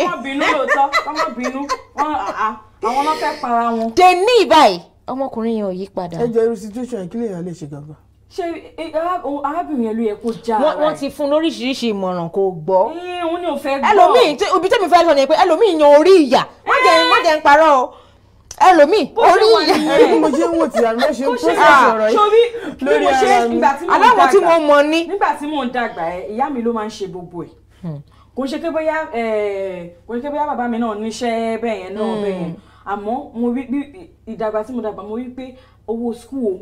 àwọn ló fẹ́ para wọn. dè ní ìbáyìí ọmọkùnrin yẹn ò yí padà. ẹ jọ irú situation yìí kí lèèyàn lè ṣe gangan. ṣé arábìnrin yẹn ló yẹ kó já ara ẹ. wọ́n ti fún lóríṣiríṣi ìmọ̀ràn kò gbọ́. òun ni ò fẹ́ gbọ́. ẹlòmíì ibi tẹ́mi fẹ́ sọ ni pé ẹlòmíì yan orí ìyà má jẹ́ ń parọ́ o ẹlòmíì orí ìyá bí mo ṣe ń wò tí àmì ṣe ń process ọ̀rọ̀ yìí lórí ara mi aláwọ̀ tí mo mọ ní. nígbà tí mò ń dàgbà ẹ ìyá mi ló máa ń ṣe gbogbo ẹ̀ hmm. kò ṣe pé bóyá kò ṣe pé bóyá bàbá mi náà níṣẹ́ bẹ́ẹ̀ yẹn náà bẹ́ẹ̀ yẹn hmm. àmọ́ mo rí bí ìdàgbà tí mo dàgbà mo rí pé owó skul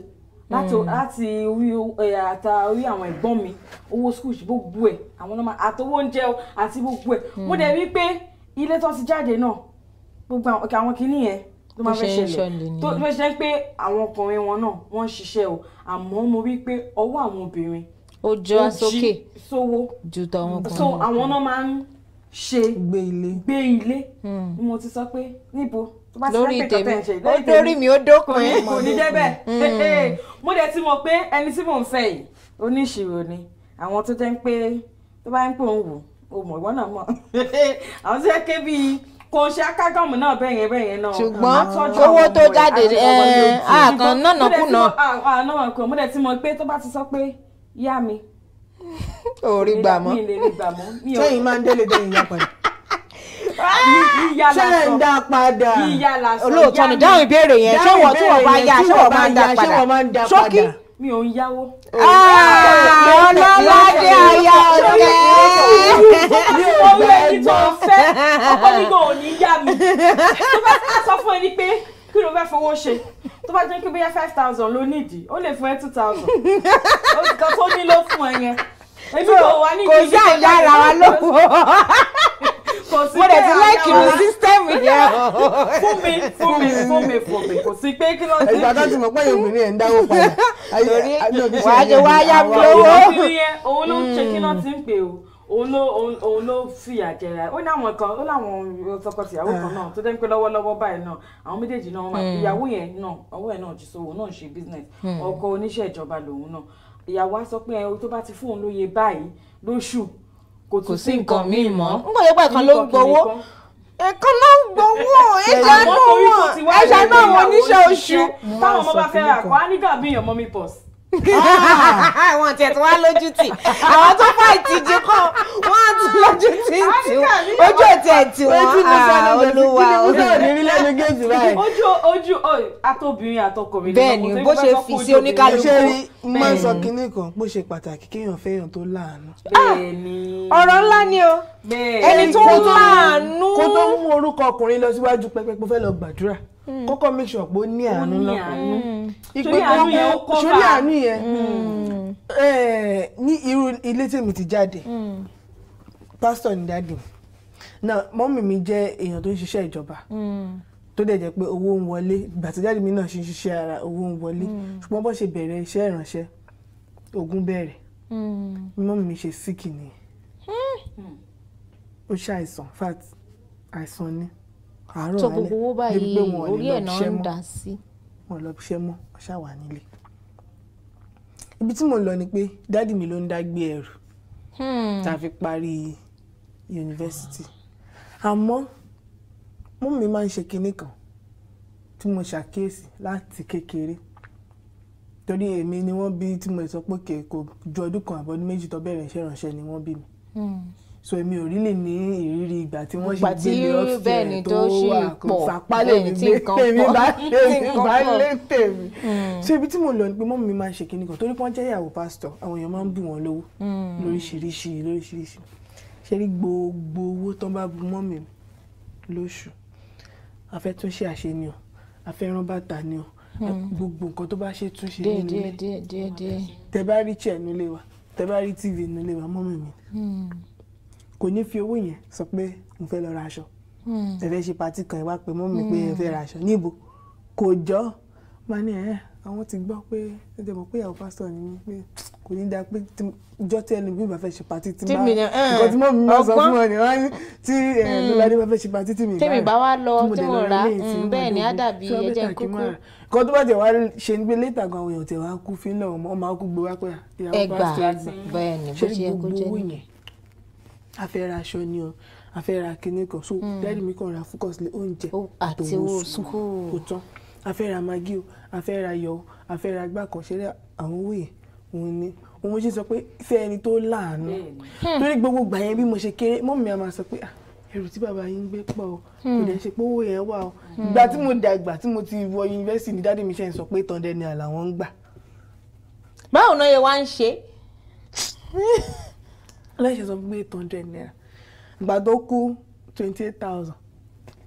láti hmm. láti orí àta orí àwọn ẹ̀gbọ́n mi owó skul ṣì gbogbo ẹ̀ àwọn ọmọ àtowó oúnjẹ àti gbogbo ẹ̀ mo dẹ̀ rí pé ilé tó ti jáde náà gbogbo àwọn kìíní yẹn tó máa fẹ́ ṣẹlẹ̀ tó fẹ́ ṣe pé àwọn ọkùnrin wọn náà wọ́n ń ṣiṣẹ́ o àmọ́ mo rí pé ọwọ́ àwọn obìnrin ó jọ sókè sówó ju tàwọn ọkùnrin so àwọn náà máa ń ṣe gbé ilé gbé ilé hmm. ni mo ti sọ pé níbo tó bá ti rẹ́ pé kọ́tẹ́ ń ṣe lórí tèmi lórí mi ó dópin kò ní jẹ́ bẹ́ẹ̀ hmm. mo dẹ̀ ti mọ̀ pé ẹni tí mò ń fẹ́ yìí oníṣirò ni àwọn tó jẹ́ pé tó bá ń pò ń wò ó mọ̀ ìwọ náà mọ̀ *laughs* àwọn tó jẹ́ pé bíi kò ṣe akágọ́mù náà bẹ́ẹ̀ yẹn bẹ́ẹ̀ yẹn náà. ṣùgbọ́n owó tó jáde àkàn eh, ah, náà kùnà. àná kò mú tí mo pé tó bá ti sọ pé yá mi. ò rí gbà mọ́ sẹ́yìn máa ń délé dẹ́yìn yá padà. sẹ́yìn ń dá padà olóòótọ́ ni dáhùn ìbéèrè yẹn ṣé wọ́n tí wọ́n bá yá ṣé wọ́n máa ń dá padà mi ò ń yáwó ọlọ́ládé ayọ̀ ọ̀kẹ́. owó ẹni tó ń fẹ́ ọkọ nígbà òní yá mi tó bá sọ fún ẹni pé kí ló fẹ́ fowó ṣe tó bá jẹ́ pé bóyá five thousand ló nídìí ó lè fún ẹ two thousand nǹkan tó ní ló fún ẹ yẹn èmi kò wá ní ìdí kò yá ìyá ara wa lóko mo dẹ̀ ti láìkì *laughs* mi sísítẹ́ẹ̀mù yẹn. fún mi fún mi fún mi fún mi kò sí pé kí ló dé. ìgbà kan ti mọ̀ pé obìnrin ẹ̀ ń dáwó padà. torí wàá jẹ wàá yá mi lówó. òun ló ń ṣe kí ló ti ń pè o òun ló òun ló fìyà jẹrà ó ní àwọn kan ó láwọn tọkọtìyàwó kan náà tó dẹ́n pé lọ́wọ́lọ́wọ́ báyìí náà àwọn méjèèjì náà wọn hmm. ìyàwó yẹn náà ọwọ́ ẹ̀ náà jù sówó náà ṣe business hmm. ọkọ oníṣẹ́ ìjọba lòun náà ìyàwó á sọ pé ẹ tó bá ti fún òun lóye báyìí lóṣù kò sí nǹkan míì mọ́ n kò yẹ pé ẹ̀kan ló ń gbowó ẹ̀kan ló ń gbowó ẹ̀ṣẹ̀ náà wọ̀ ẹ̀ṣẹ̀ náà wọ̀ oníṣẹ́ oṣù. táwọn ọmọ bá fẹ́ àkọ́ á nígbà míì ọmọ mi pọ̀ sí àwọn tiẹ̀ tí wọ́n á lójú tì àwọn tó fà ìtìjú kan wọ́n á tún lójú tì tì ojú òtí ẹ̀ tì wọ́n ah, olúwa ojú atóbìnrin àtọkùnrin bẹ́ẹ̀ ni bó ṣe fi sí oníkálukú. ṣé rí máa ń sọ kinní kan bó ṣe pàtàkì kéèyàn fẹ́yàn tó láàánú. ọ̀rọ̀ ńlá ni o ẹni tó láàánú. kó tó mú orúkọ ọkùnrin lọ síwájú pẹpẹ pé fẹ́ lọ gbàdúrà hmm. kọ́kọ́ make sure pé ó ní àánú lọ́kàn hmm ìpè ọkọ sórí àánú yẹn mm. ní irú ilé tèmi ti jáde mm. pásítọ̀ ní dáàdì náà mọ́mì mi jẹ́ èèyàn tó ń ṣiṣẹ́ ìjọba mm. tó dẹ̀ jẹ́ pé owó ń wọlé ìgbà tí jáde mi náà ṣe ń ṣiṣẹ́ ara owó ń wọlé ṣùgbọ́n bó ṣe bẹ̀rẹ̀ iṣẹ́ ìránṣẹ́ ogun bẹ̀rẹ̀ mọ́mì mi ṣe síkì ni hmm. ó ṣe àìsàn fat àìsàn ni àárọ̀ alẹ́ débi pé wọn ò lè lọ ṣẹ́ mọ́ wọn lọ ṣe mọ́ wọn ṣàwà nílé ibi tí mo lọ ni pé dáàdì mi ló ń dá gbé ẹrù hmm. tá a fi parí yunifásitì àmọ́ mú mi máa ń ṣe kinní kan tí mo ṣàkíyèsí láti kékeré torí èmi ni wọ́n bí tí mo sọ pé kò ju ọdún kan àbọ̀dún méjì tó bẹ̀rẹ̀ iṣẹ́ ìránṣẹ́ ni wọ́n bí mi. Hmm so èmi ò rí lè ní ìrírí ìgbà tí wọ́n ṣe gbé ní ọ̀sẹ̀ tó wà kò sàpálẹ̀ mi gbé tèmi *laughs* bá lé *laughs* tèmi hmm. so ibi tí mo lọ ni pé mọ́mí mi máa ń ṣe kíní kan torí pé wọ́n jẹ́ ìyàwó pásítọ̀ àwọn èèyàn máa ń bù wọ́n lówó hmm. lóríṣiríṣi lóríṣiríṣi ṣe rí gbogbo owó tán bá bu mọ́mí lóṣù àfẹ́ tún ṣe àṣe ni o àfẹ́ rán bàtà ni o hmm. gbogbo nǹkan tó bá ṣe tún ṣe nínú ilé tẹ bá rí chair nílé wa tẹ bá rí tv nílé wa mọ́mí mi kò ní fi owó yẹn sọ pé mo fẹ́ lọ ra aṣọ hmm. ẹ fẹ́ ṣe patí kan ìwà pé mọ́mí pé ẹ fẹ́ ra aṣọ níbo kò jọ máa ní ẹ àwọn ti gbọ́ pé ẹ jẹ́ mọ̀ pé ìyàwó pásítọ̀ ni mí pé kò ní dáa pé jọ́ tí ẹni bí bá fẹ́ ṣe patí tí bá nǹkan tí mọ́mí máa sọ fún ọ ni wọ́n tí hmm. lọ́ládé bá fẹ́ ṣe patí tí mi bá rà tí mi bá lọ tí mo rà hmm, bẹ́ẹ̀ ni á dàbí ẹ̀jẹ̀ kúkú kọ́ tó bá tẹ̀ wá ṣe ń gbé létà gan àwọn èèyàn tẹ̀ wá kú fílẹ̀ ọmọ ọmọ akú gbowó pé ìyàwó pásítọ̀ ni bó ṣe yẹ a fẹ́ ra aṣọ ni o a fẹ́ ra kinní kan so hmm. dáàdì mi kàn ra focus lé oúnjẹ oh, àti owó sùkúù kò tán a fẹ́ ra magi o a fẹ́ ra yọ o a fẹ́ ra gbà kan ṣẹlẹ̀ àwọn owó yẹn òun ni òun ṣe sọ pé fẹ́ ẹni tó láàánú hmm. torí gbogbo gbà yẹn bí mo ṣe kéré mọ́ mi a sọ pé ah, ẹrù tí bàbá yín gbé pọ̀ o kò hmm. dẹ̀ ṣe pé owó yẹn wà o ìgbà tí mo dàgbà tí mo ti wọ yunifásitì ní dáàdì mi ṣe ń sọ pé tọ́ndẹ́ ni àlàwọ̀n ń gbà. báwo náà yẹ wá ń ṣe aláìṣẹ̀ sọ pé eight hundred naira ìgbà tó kú twenty eight thousand.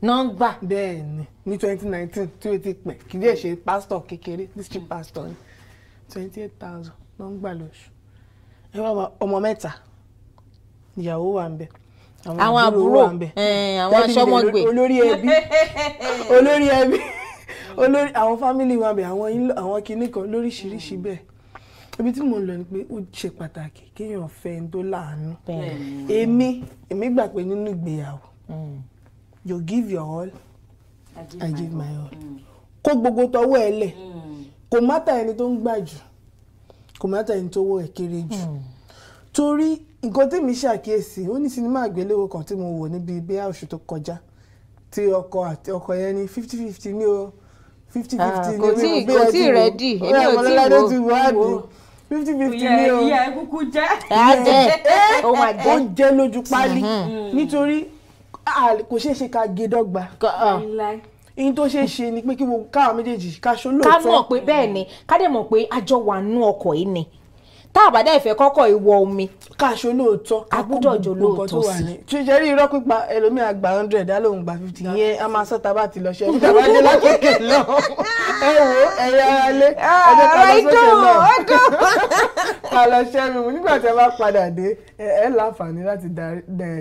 nọ́ńgbà. bẹ́ẹ̀ ni ní twenty nineteen tí o ti pẹ̀ kì í ṣe pásítọ̀ kékeré district mm. pásítọ̀ ni twenty eight thousand nọ́ńgbà lóṣù ẹ wá ọmọ mẹ́ta ìyàwó wà ń bẹ àwọn àbúrò eh, àwọn aṣọ́mọ́gbè olórí ẹbí *laughs* olórí ẹbí *laughs* olórí àwọn fámìlì wà ń bẹ àwọn kìnnìkan lóríṣiríṣi mm. bẹ́ẹ̀ ibi tí mo ń lọ ni pé ó ṣe pàtàkì kéèyàn fẹ́ ẹni tó láàánú èmi èmi gbà pé nínú ìgbéyàwó hmm. you give your all i give my all hmm. kó gbogbo tọwọ́ ẹ lẹ̀ hmm. kò mátà ẹni tó ń gbà jù kò mátà ẹni tó wọ ẹ kéré jù torí nǹkan tèmi ṣàkíyèsí ó ní sinimá àgbéléwò kan tí mo wò níbi bíyà oṣù tó kọjá tí ọkọ àti ọkọ yẹn ní fifty fifty ní o fifty fifty ní o bí ẹ ti wò kò tí ì rẹ́dì èmi ò tí ì wò fifty fifty ni o ìyá kúkú jẹ. *laughs* oúnjẹ lójú páálí mhm. mm-hmm. nítorí kò ṣeé ṣe ká gé dọ́gba ihun ah. tó ṣe é ṣe ni pé kí káwọn méjèèjì ká ṣó lóòótọ́. ká mọ̀ pé bẹ́ẹ̀ ni ká dẹ̀ mọ̀ pé a wà nú ọkọ̀ yìí ni tá a bá dá ìfẹ́ kọ́kọ́ ìwọ omi. káṣó lóòótọ́ agbúdọ̀ jò lóòótọ́ sí. ṣíṣe rí irọ́ pípa ẹlòmíì àgbà hundred alóhùn gba fifty yẹn a máa sọ tá a bá ti lọ ṣe ẹni tàbá dé látòkè lọ ẹ wo ẹyẹ ara lé ah, ẹjọ ká lọ sókè lọ *laughs* ká lọ ṣe mi mu nígbà tí a bá padà dé ẹ láǹfààní láti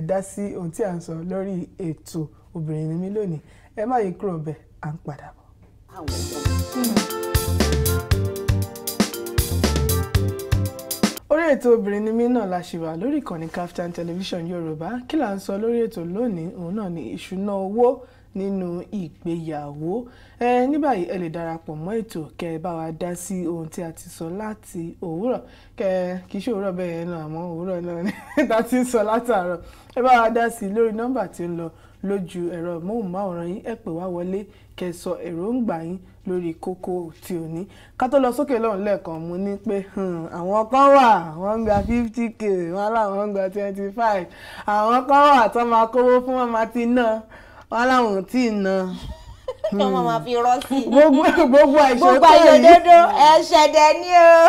dá sí ohun tí à ń sọ lórí ètò obìnrin mi lónìí ẹ má yí kúrò bẹ́ẹ̀ à ń padà bọ̀. orí ètò obìnrin ni mí náà la ṣì wà lórí ìkànnì Kaftan television yorùbá kí là ń sọ lórí ètò lónìí òun náà ni ìṣúná owó nínú ìgbéyàwó ẹ ní báyìí ẹ lè darapọ̀ mọ́ ètò kẹ ẹ bá wa dá sí ohun tí a ti sọ láti òwúrọ̀ kẹ kì í ṣe òwúrọ̀ bẹ́ẹ̀ náà àmọ́ òwúrọ̀ náà ni *laughs* ta ti sọ látàárọ̀ ẹ bá wa dá sí lórí nọ́mbà tí ń lọ lójú ẹ̀rọ móhùnmáwòrán yín ẹ pè wá wọlé kẹ sọ èròǹgbà yín lórí kókó tí o ní ká tó lọ sókè lọ́run lẹ́ẹ̀kan mo ní pé àwọn kan wà wọ́n ń gba fifty k wọ́n láwọn ń gba twenty five àwọn kan wà tó máa kówó fún wọn máa ti ná wọ́n láwọn ò tí ì ná ọmọ máa fi rọ sí i. gbogbo gbogbo àìṣe tó yìí gbogbo àìṣe dodo ẹ̀ṣẹ̀ dẹ̀ ni o.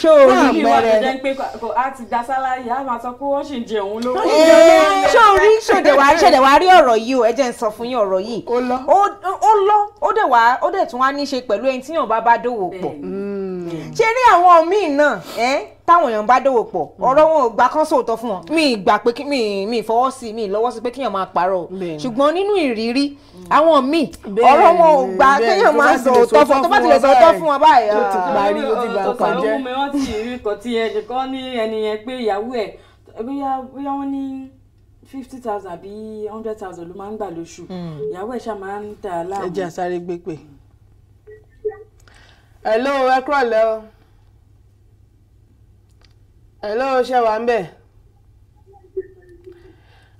ṣé o rí ìwádìí jẹ́ pé kò á ti da sálárì á máa sọ pé wọ́n sì ń jẹ òun lówó. ṣé o rí ṣèdè wá ṣèdè wá rí ọ̀rọ̀ yìí o ẹ jẹ́ n sọ fún yín ọ̀rọ̀ yìí. ó lọ ó lọ dẹ̀ wá ó dẹ̀ tún wá ní í ṣe pẹ̀lú ẹni tíyàn bá bá dòwò pọ̀ hmm. ṣe rí àwọn míì náà táwọn èèyàn bá dòwò pọ̀ hmm. ọ̀rọ̀ wọn ò gbà kán sòótọ́ fún wọn mi gbà pé mi mi fọwọ́ sí mi lọ́wọ́ sí pé kéèyàn máa parọ́ o ṣùgbọ́n nínú ìrírí hmm. àwọn míì ọ̀rọ̀ wọn ò gbà kéèyàn máa sòótọ́ fún wọn tó bá tilẹ̀ sòótọ́ fún wọn báyìí. ó ti ah. parí ó ti bá jẹ́. ọ̀sán ló mú mi rántí ìrírí kan ẹnì kan ní ẹni yẹn pé ìyàwó ẹ̀ bóyá bóyá wọ́n ní fifty thousand àbí hundred thousand ló máa ń gbà lóṣù hmm. ìyàwó ẹ̀ ṣáà máa ń dà láàmú. ẹ àsáré gbé pè. hello ẹ kúrọ̀lẹ́ o hello ṣé wà ń bẹ̀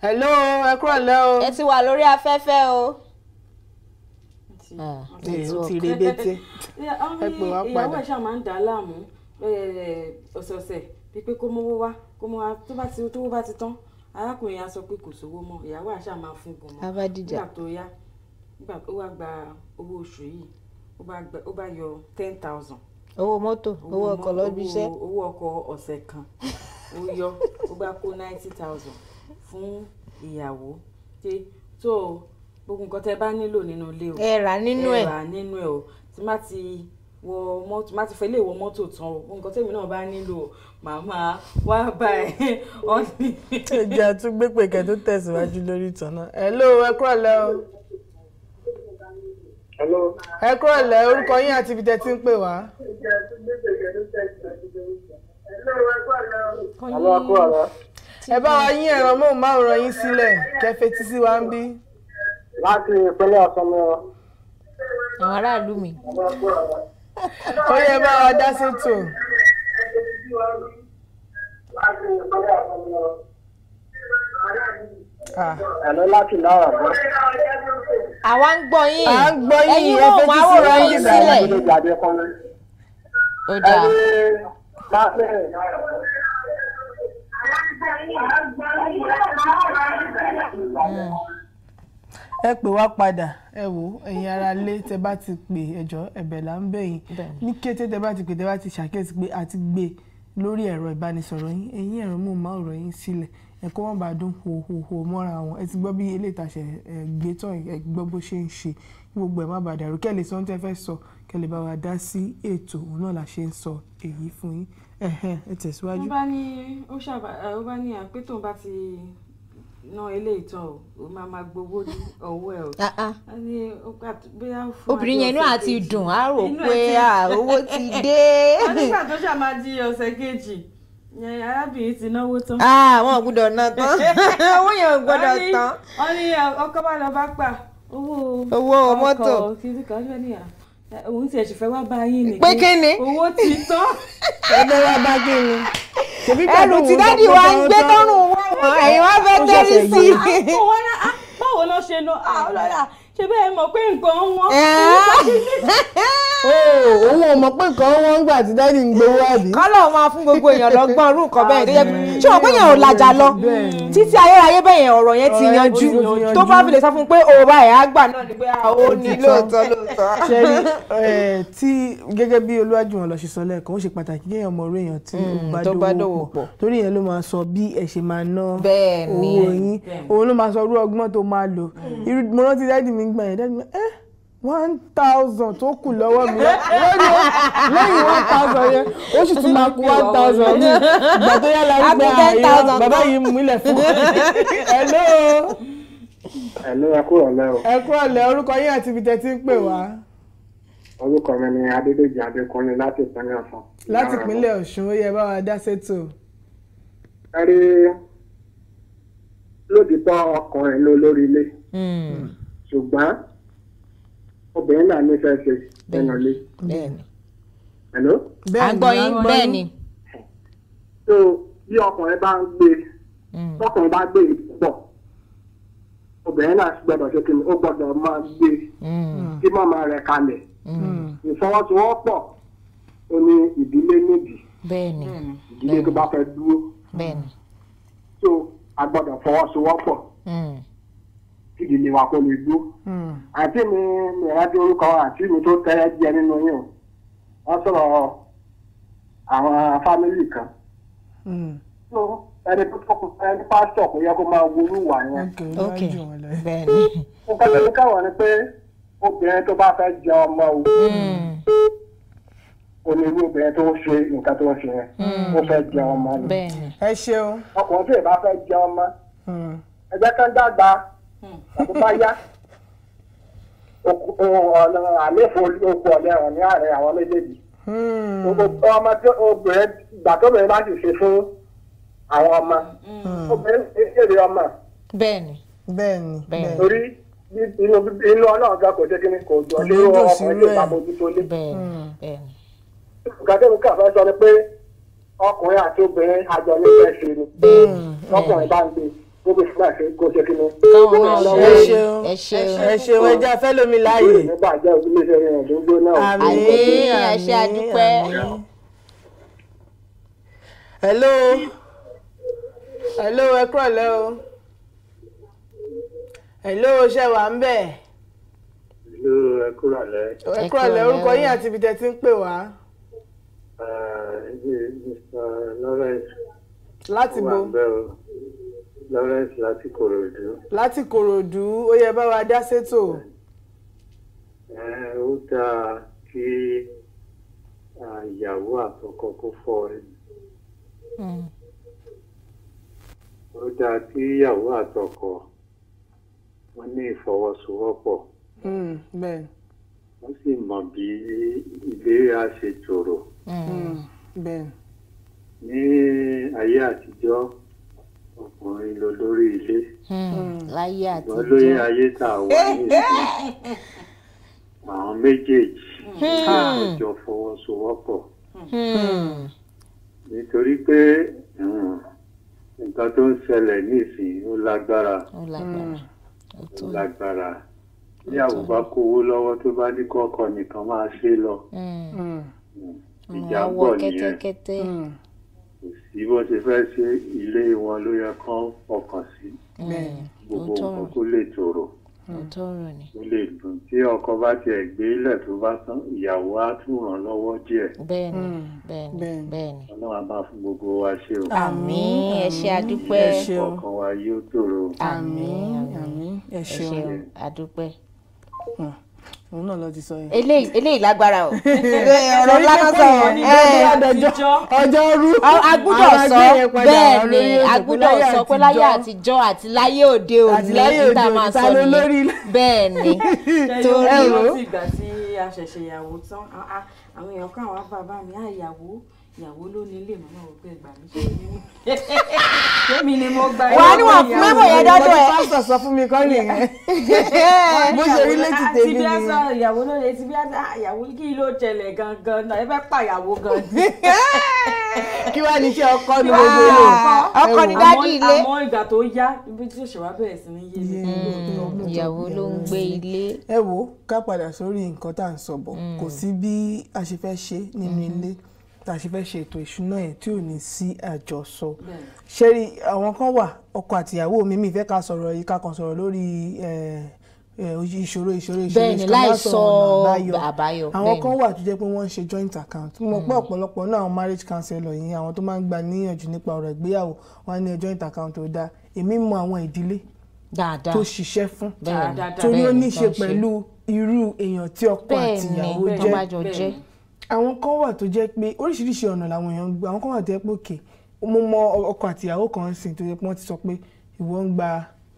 hello ẹ kúrọ̀lẹ́ o. ẹ ti wà lórí afẹ́fẹ́ o ah, eh, ó ti rí bété *laughs* ẹ pè wá padà. ìyàwó ẹ̀ ṣáà máa ń dà láàmú eh, ọ̀sọ̀ọ̀sẹ̀ bíi kó mówó wá kó mówó wá tó bá ti tán arákùnrin yẹn sọ pé kò sówó mọ́ ìyàwó àṣà máa fún gan mọ́ abadija nígbà tó yá nígbà tó wá gba owó oṣù yìí ó bá yọ ten thousand. owó mọ́tò owó ọkọ̀ lọ́bí iṣẹ́ owó ọkọ̀ ọ̀sẹ̀ kan ó yọ ó bá kó ninety thousand fún ìyàwó ṣe tó gbogbo nǹkan tẹ bá nílò nínú ilé o ẹ rà nínú ẹ rà nínú ẹ o tí má ti wọ mọ́tò má ti fẹ́ lè wọ mọ́tò tán o nǹkan tèmi náà bá nílò màmá wá bá ẹ *laughs* ọ́nì. ẹjẹ àtúgbé pèkẹ tó tẹ̀síwájú lórí ìtàn náà hello ẹ kúrọ̀lẹ́ o. hello. ẹ kúrọ̀lẹ́ orúkọ yín àti ibi tẹ́ ti ń pè wá. hello ẹ kúrọ̀lẹ́ hello ẹ bá wa yín ẹ̀rọ móhùnmáwòrán yín sílẹ̀ kẹ́ fetí sí wa ń bí. láti ìpínlẹ̀ ọ̀sán mi wá. àwọn aráàlú mi ó yẹ bá wa dá sétò. Ẹ̀lọ́ ah. láti lára bọ́. Àwa ń gbọ́ yín. À ń gbọ́ yín. Ẹ̀yin wò wá wòrán yín sílẹ̀. Ó dáa. Mm ẹ pè wá padà ẹ wò ẹ̀yin ara lé tẹ bá ti pè ẹjọ́ ẹ̀bẹ̀ là ń bẹ̀ yín ní kété tẹ bá ti pè tẹ bá ti ṣàkíyèsí pé a ti gbé lórí ẹ̀rọ ìbánisọ̀rọ̀ yín ẹ̀yin ẹ̀rọ mú máa rọ̀ yín sílẹ̀ ẹ kó wọn bá dún hohoho mọ́ra wọn ẹ ti gbọ́ bí eléyìí tàṣẹ ẹ gbé tán ẹ gbọ́ bó ṣe ń ṣe kí gbogbo ẹ má bàa dàrú kẹ́ sọ ohun tẹ́ fẹ́ sọ kẹ́ bá wa dá sí ètò òun náà la ṣe ń sọ èyí fún yín ẹ tẹ̀síwájú. ó bá ní ó ṣàbà ó bá ní àpétò bá ti náà eléyìí tán o máa máa gbowó ní ọwọ́ ẹ o. Ah, ah. obìnrin yẹn inú àti dùn á rò pé ah, owó ti *laughs* dé. nígbà tó ṣáà máa di ọ̀sẹ̀ kejì arábìnrin ti náwó tán. àwọn ò gbọ́dọ̀ ná tán *laughs* owó yẹn ò gbọ́dọ̀ tán. wọ́n ní ọkọ bá lọ bá pa owó owó mọ́tò òun tiẹ̀ sì fẹ́ wá bá yín ni. pé kí ni owó ti tán. *laughs* ẹ lọ wá bá kí ni. ẹrù tí dádì wa ń gbé tọrùn ẹ̀yin wá fẹ́ tẹ́lí sí i. Ah, ah, báwo ló ṣe ná ṣe bẹ́ẹ̀ mọ̀ pé nǹkan wọn. *laughs* òun ò mọ̀ pé nǹkan wọn ń gbà tí dáàdì ń gbowó àbí. kọ́lọ̀ máa fún gbogbo èèyàn lọ́gbọ́n irú nǹkan bẹ́ẹ̀ tó yẹ ṣé o pé yẹn ò làjà lọ títí ayérayé bẹ́ẹ̀ yẹn ọ̀rọ̀ yẹn ti yanjú tó bá fi lè sọ fún un pé òòrà ẹ̀ á gbà náà ni pé a ah, ò ní lóòótọ́ lóòótọ́. *laughs* ṣẹ́rí tí gẹ́gẹ́ bí Olúwájùwọ̀n lọ ṣe sọ lẹ́ẹ̀kan ó ṣe pàtàkì kéèyàn mi gbà yẹn dẹ́nu ẹ́ eh, one thousand tó kù lọ́wọ́ mi lẹ́yìn one thousand yẹn ó sì tún máa kú one thousand ní ìgbà tó yá la rí àyè bàbá yìí mú ilẹ̀ fún mi. hello. hello ẹ ọ̀lẹ́ o. ẹ ọ̀lẹ́ orúkọ yín àti ibi ti ń pè wá. orúkọ mi ni adédèjì adékúnlé láti ìpínlẹ̀ ọ̀ṣun. láti ìpínlẹ̀ ọ̀ṣun ó yẹ bá dá sétò. ẹ rí lóòótọ́ ọkùnrin ló lórí ilé. Hmm. ṣùgbọ́n obìnrin náà ní fẹ́ẹ́ ṣe ẹnu lé. hello. àgbọ̀yìn ni. so bí ọkùnrin bá ń gbé tọkùnrin hmm. bá gbé pọ̀ obìnrin náà gbọ́dọ̀ ṣe kìnnìún ó gbọ́dọ̀ máa gbé hmm. kí màmá rẹ̀ kalẹ̀ hmm. ìfọwọ́sowọ́pọ̀ o ní ìdílé nídìí bẹ́ẹ̀ni ìdílé tó bá fẹ́ dúró bẹ́ẹ̀ni so a gbọ́dọ̀ fọwọ́sowọ́pọ̀. ìdílé wa kọ́ lè gbó. Hmm. àǹtí mi mìíràn orúkọ àǹtí mi tó tẹ́lẹ̀ jẹ nínú yín o wọ́n sọ̀rọ̀ àwọn fámìlì kan. Hmm. ẹni tó tọkùn ẹni pásítọ̀ kò yẹ kó máa wúlú wà yẹn. ok bẹ́ẹ̀ni. nǹkan tó ní káwọn ni pé obìnrin tó bá fẹ́ jẹ ọmọ o onírú hmm. obìnrin tó ń ṣe nǹkan tó ń ṣe yẹn ó fẹ́ jẹ ọmọ ni. ẹ ṣeun. ọkùnrin tí ì bá fẹ́ jẹ ọmọ ẹgbẹ́ kan dàgbà. Hmm. àbúbá ya, ọ̀nà àléfò okò ọ̀nà ẹ̀wọ̀n ní àárín àwọn méjèèjì. Hmm. ọmọ bá sì ṣe fún àwọn ọmọ hmm. obìnrin kékeré ọmọ. torí inú ọlọ́run kan kò jẹ́ kí ni kò jọ lé lé. fẹ́ sọ ni pé kó fi fún àṣẹ kó ṣe kí ni. ẹ ṣeun ẹ ṣeun ẹ ṣeun ẹjẹ afẹ́ lómi láàyè. nígbà àṣẹ àdúpẹ́. hello hello ẹ kúrọ̀lẹ́ o hello ṣe wà ń bẹ̀. hello ẹ kúrọ̀lẹ́. ẹ kúrọ̀lẹ́ orúkọ yín àti ibi tẹ́ ti ń pè wá. Lawrence. láti bo. Lawrence láti Kòròdú. láti Kòròdú ó yẹ bá wa dá sétò. ẹ ó dáa kí ìyàwó àtọkọ kó fọ ẹnu. Hmm. ó dáa kí ìyàwó àtọkọ wọn ní ìfọwọ́sowọ́pọ̀. Hmm, wọ́n sì mọ̀ bí ìlera ṣe tòrò. Hmm, ní ayé àtijọ́ ọkùnrin lọ lórí ilé. Hmm, hmm. láyé àtijọ́ ìgbọ́n lóye ayé tá a wà ní ìlú *laughs* àwọn méjèèjì láti hmm. jọ fọwọ́sowọ́pọ̀ nítorí pé nǹkan tó ń ṣẹlẹ̀ nísìnyí ó lágbára ó lágbára bí àwùbá kówó lọ́wọ́ tó bá ní kọ́kọ́ nìkan máa ṣe lọ ìjà pọ̀ nìyẹn kò sí bó ṣe fẹ́ ṣe ilé wọn ló yẹ kán fọkàn sí gbogbo nǹkan kó lè tòrò ó lè dùn tí ọkọ bá tiẹ̀ gbé ilẹ̀ tó bá tán ìyàwó á tún ràn lọ́wọ́ díẹ̀. bẹ́ẹ̀ni hmm. bẹ́ẹ̀ni bẹ́ẹ̀ni. Ọlọ́run á máa fún gbogbo wa ṣe o. àmín ẹ ṣé adúpẹ́. ọkàn wa yóò tòrò. àmín àmín ẹ ṣé adúpẹ́. Hmm òun náà lọ ti sọ yẹn. eléyìí eléyìí lágbára o *laughs* ọ̀rọ̀ lánàá sọ ọjọ́ rú agbúdọ̀ sọ bẹ́ẹ̀ ni agbúdọ̀ sọ pé láyé àtijọ́ àti láyé òde òní lẹ́yìn tá a máa sọ ni bẹ́ẹ̀ ni *laughs* torí o. ti ìgbà a ṣẹ̀ṣẹ̀ yàwó tán àwọn èèyàn kan àwọn bàbá mi àyàwó ìyàwó ló ní ilé màmá òkú ẹgbà mi ṣe mí. ni mo gba ìyàwó ìyàwó. Wà á níwọ̀n fún mẹ́mọ̀ yẹn dọ́dọ̀ ẹ̀. Pásítọ̀ sọ fún mi kọ́lé yẹn. Mo ṣe rí létí tèmi ni. Ti ìyàwó ló lè ti ah, ìyàwó kí ló ṣẹlẹ̀ gangan náà ẹ fẹ́ pa ìyàwó gan. *laughs* Kí wàá ní ṣe ọkọ ni gbogbo ilé. Ọkọ ni dádì ilé. Àmọ́ ìgbà tó yá ibi tí òṣèwà bẹ̀rẹ̀ sí ní yé mi. Ìyàwó ló ń gbé ilé. Ẹ wo ká padà sórí nǹkan tá à ń sọ bọ̀ mm. kò sí bí a ṣe fẹ́ ṣe nínú mm-hmm. ilé. Mm -hmm tá a ṣe fẹ́ ṣe ètò ìṣúná yẹn tí ò ní sí àjọsọ ṣe rí àwọn kan wà ọkọ àtìyàwó mi mi ìfẹ́ ká sọ̀rọ̀ yìí ká kan sọ̀rọ̀ lórí ìṣòro ìṣòro ìṣòro ìṣòro àbáyọ àwọn kan wà tó jẹ́ pé wọ́n ń ṣe joint account mo pẹ́ mm. ọ̀pọ̀lọpọ̀ náà àwọn marriage counselor yìí àwọn tó máa ń gba níyànjú nípa ọ̀rọ̀ ìgbéyàwó wọn ní joint account tó dáa èmi mọ àwọn ìdílé tó ṣiṣẹ́ fún torí ó ní í ṣe pẹ̀lú irú èèyàn tí ọkọ àtìyàwó jẹ́ àwọn kan wà tó jẹ́ pé oríṣiríṣi ọ̀nà làwọn èèyàn ń gbà àwọn kan wà tó jẹ́ pé òkè mo mọ ọkọ àtìyàwó kan sìn tó jẹ́ pé wọ́n ti sọ pé ìwọ ń gba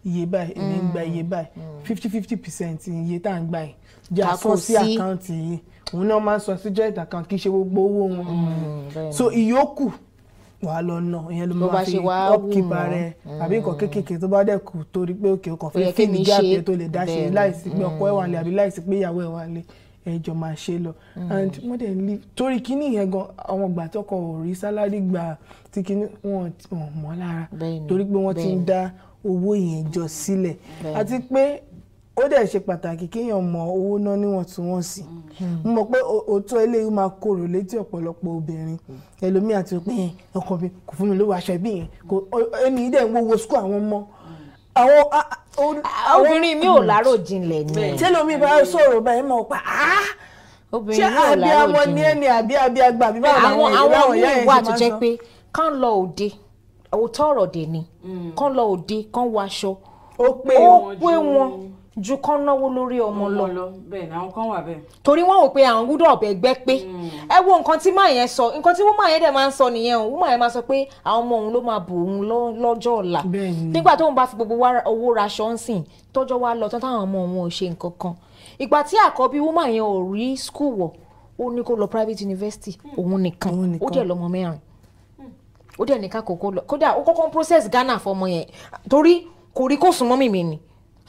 iye báyìí èmi ń gba iye mm. báyìí mm. fifty fifty percent iye tá à ń gbà yìí jẹ́ àsọ sí àkáǹtì yìí òun náà máa ń sọ sí joint account kì í ṣe gbogbo owó wọn mm, so ìyókù wà á lọ nà ìyẹn ló máa fi upkeep rẹ àbí nǹkan kéékèèké tó bá dẹ̀ kù torí pé òkè ọkàn fẹ́ fíìmù jáde tó lè dá ṣe láìsí pé ọkọ ẹ̀ wà lé àbí láìsí pé ìyàwó ẹ̀ wà lé ẹjọ́ máa ṣe lọ mm. and wọ́n dẹ̀ ní torí kíní yẹn gan àwọn ìgbà tọkọ ò rí sálárì gbà tí kíní wọn ò mọ́ lára torí pé wọ́n ti ń dá owó yẹn jọ sílẹ̀ àti pé ó dẹ̀ ṣe pàtàkì kéèyàn mọ owó ná níwọ̀ntúnwọ̀nsì mm. mo mọ̀ pé òótọ́ eléyìí máa korò létí ọ̀pọ̀lọpọ̀ obìnrin ẹlòmíà ti rò pé ọkọ mi kò fún mi lówó aṣọ ẹbí yẹn ẹni dẹ̀ ń wo wo sukú àwọn ọmọ Ah, àwọn obìnrin mi ò hmm. lárò jinlẹ̀ ni. tẹ́lómi bá sọ̀rọ̀ báyìí mọ̀ pa ah! obìnrin mi ò lárò jinlẹ̀. ṣé àbí ni ẹni àbí àbí àgbà àwọn àwọn míì wà tó jẹ́ pé kán lọ òde òótọ́ ọ̀rọ̀ dè ni hmm. kán lọ òde kán wọ aṣọ ó pé wọn ju kán náwó lórí ọmọ lọ bẹ́ẹ̀ ni àwọn kan wà bẹ́ẹ̀. torí wọn ò pé àwọn gbúdọ̀ ọ̀bẹ gbẹ́ pé hmm. ẹ wo nǹkan tí máa yẹn sọ nǹkan tí wúmà yẹn dẹ̀ máa ń sọ nìyẹn o wúmà yẹn máa sọ pé àwọn ọmọ òun ló máa bò òun lọ́jọ́ ọ̀la nígbà tóun bá fi gbogbo owó raṣọ ń sìn tọ́jọ́ wa lọ tán táwọn ọmọ òun ò ṣe nǹkan kan ìgbà tí àkọ́bí wúmà yẹn ò rí skul wọ̀ ó ní kó lọ private university hmm. òun nìkan ó dẹ̀ lọ́mọ mẹ́rin hmm. ó dẹ̀ ní ká kókó lọ kódà ó kọ́kọ́ process Ghana fọmọ yẹn torí kò rí kó sùn mọ́ mìmì ni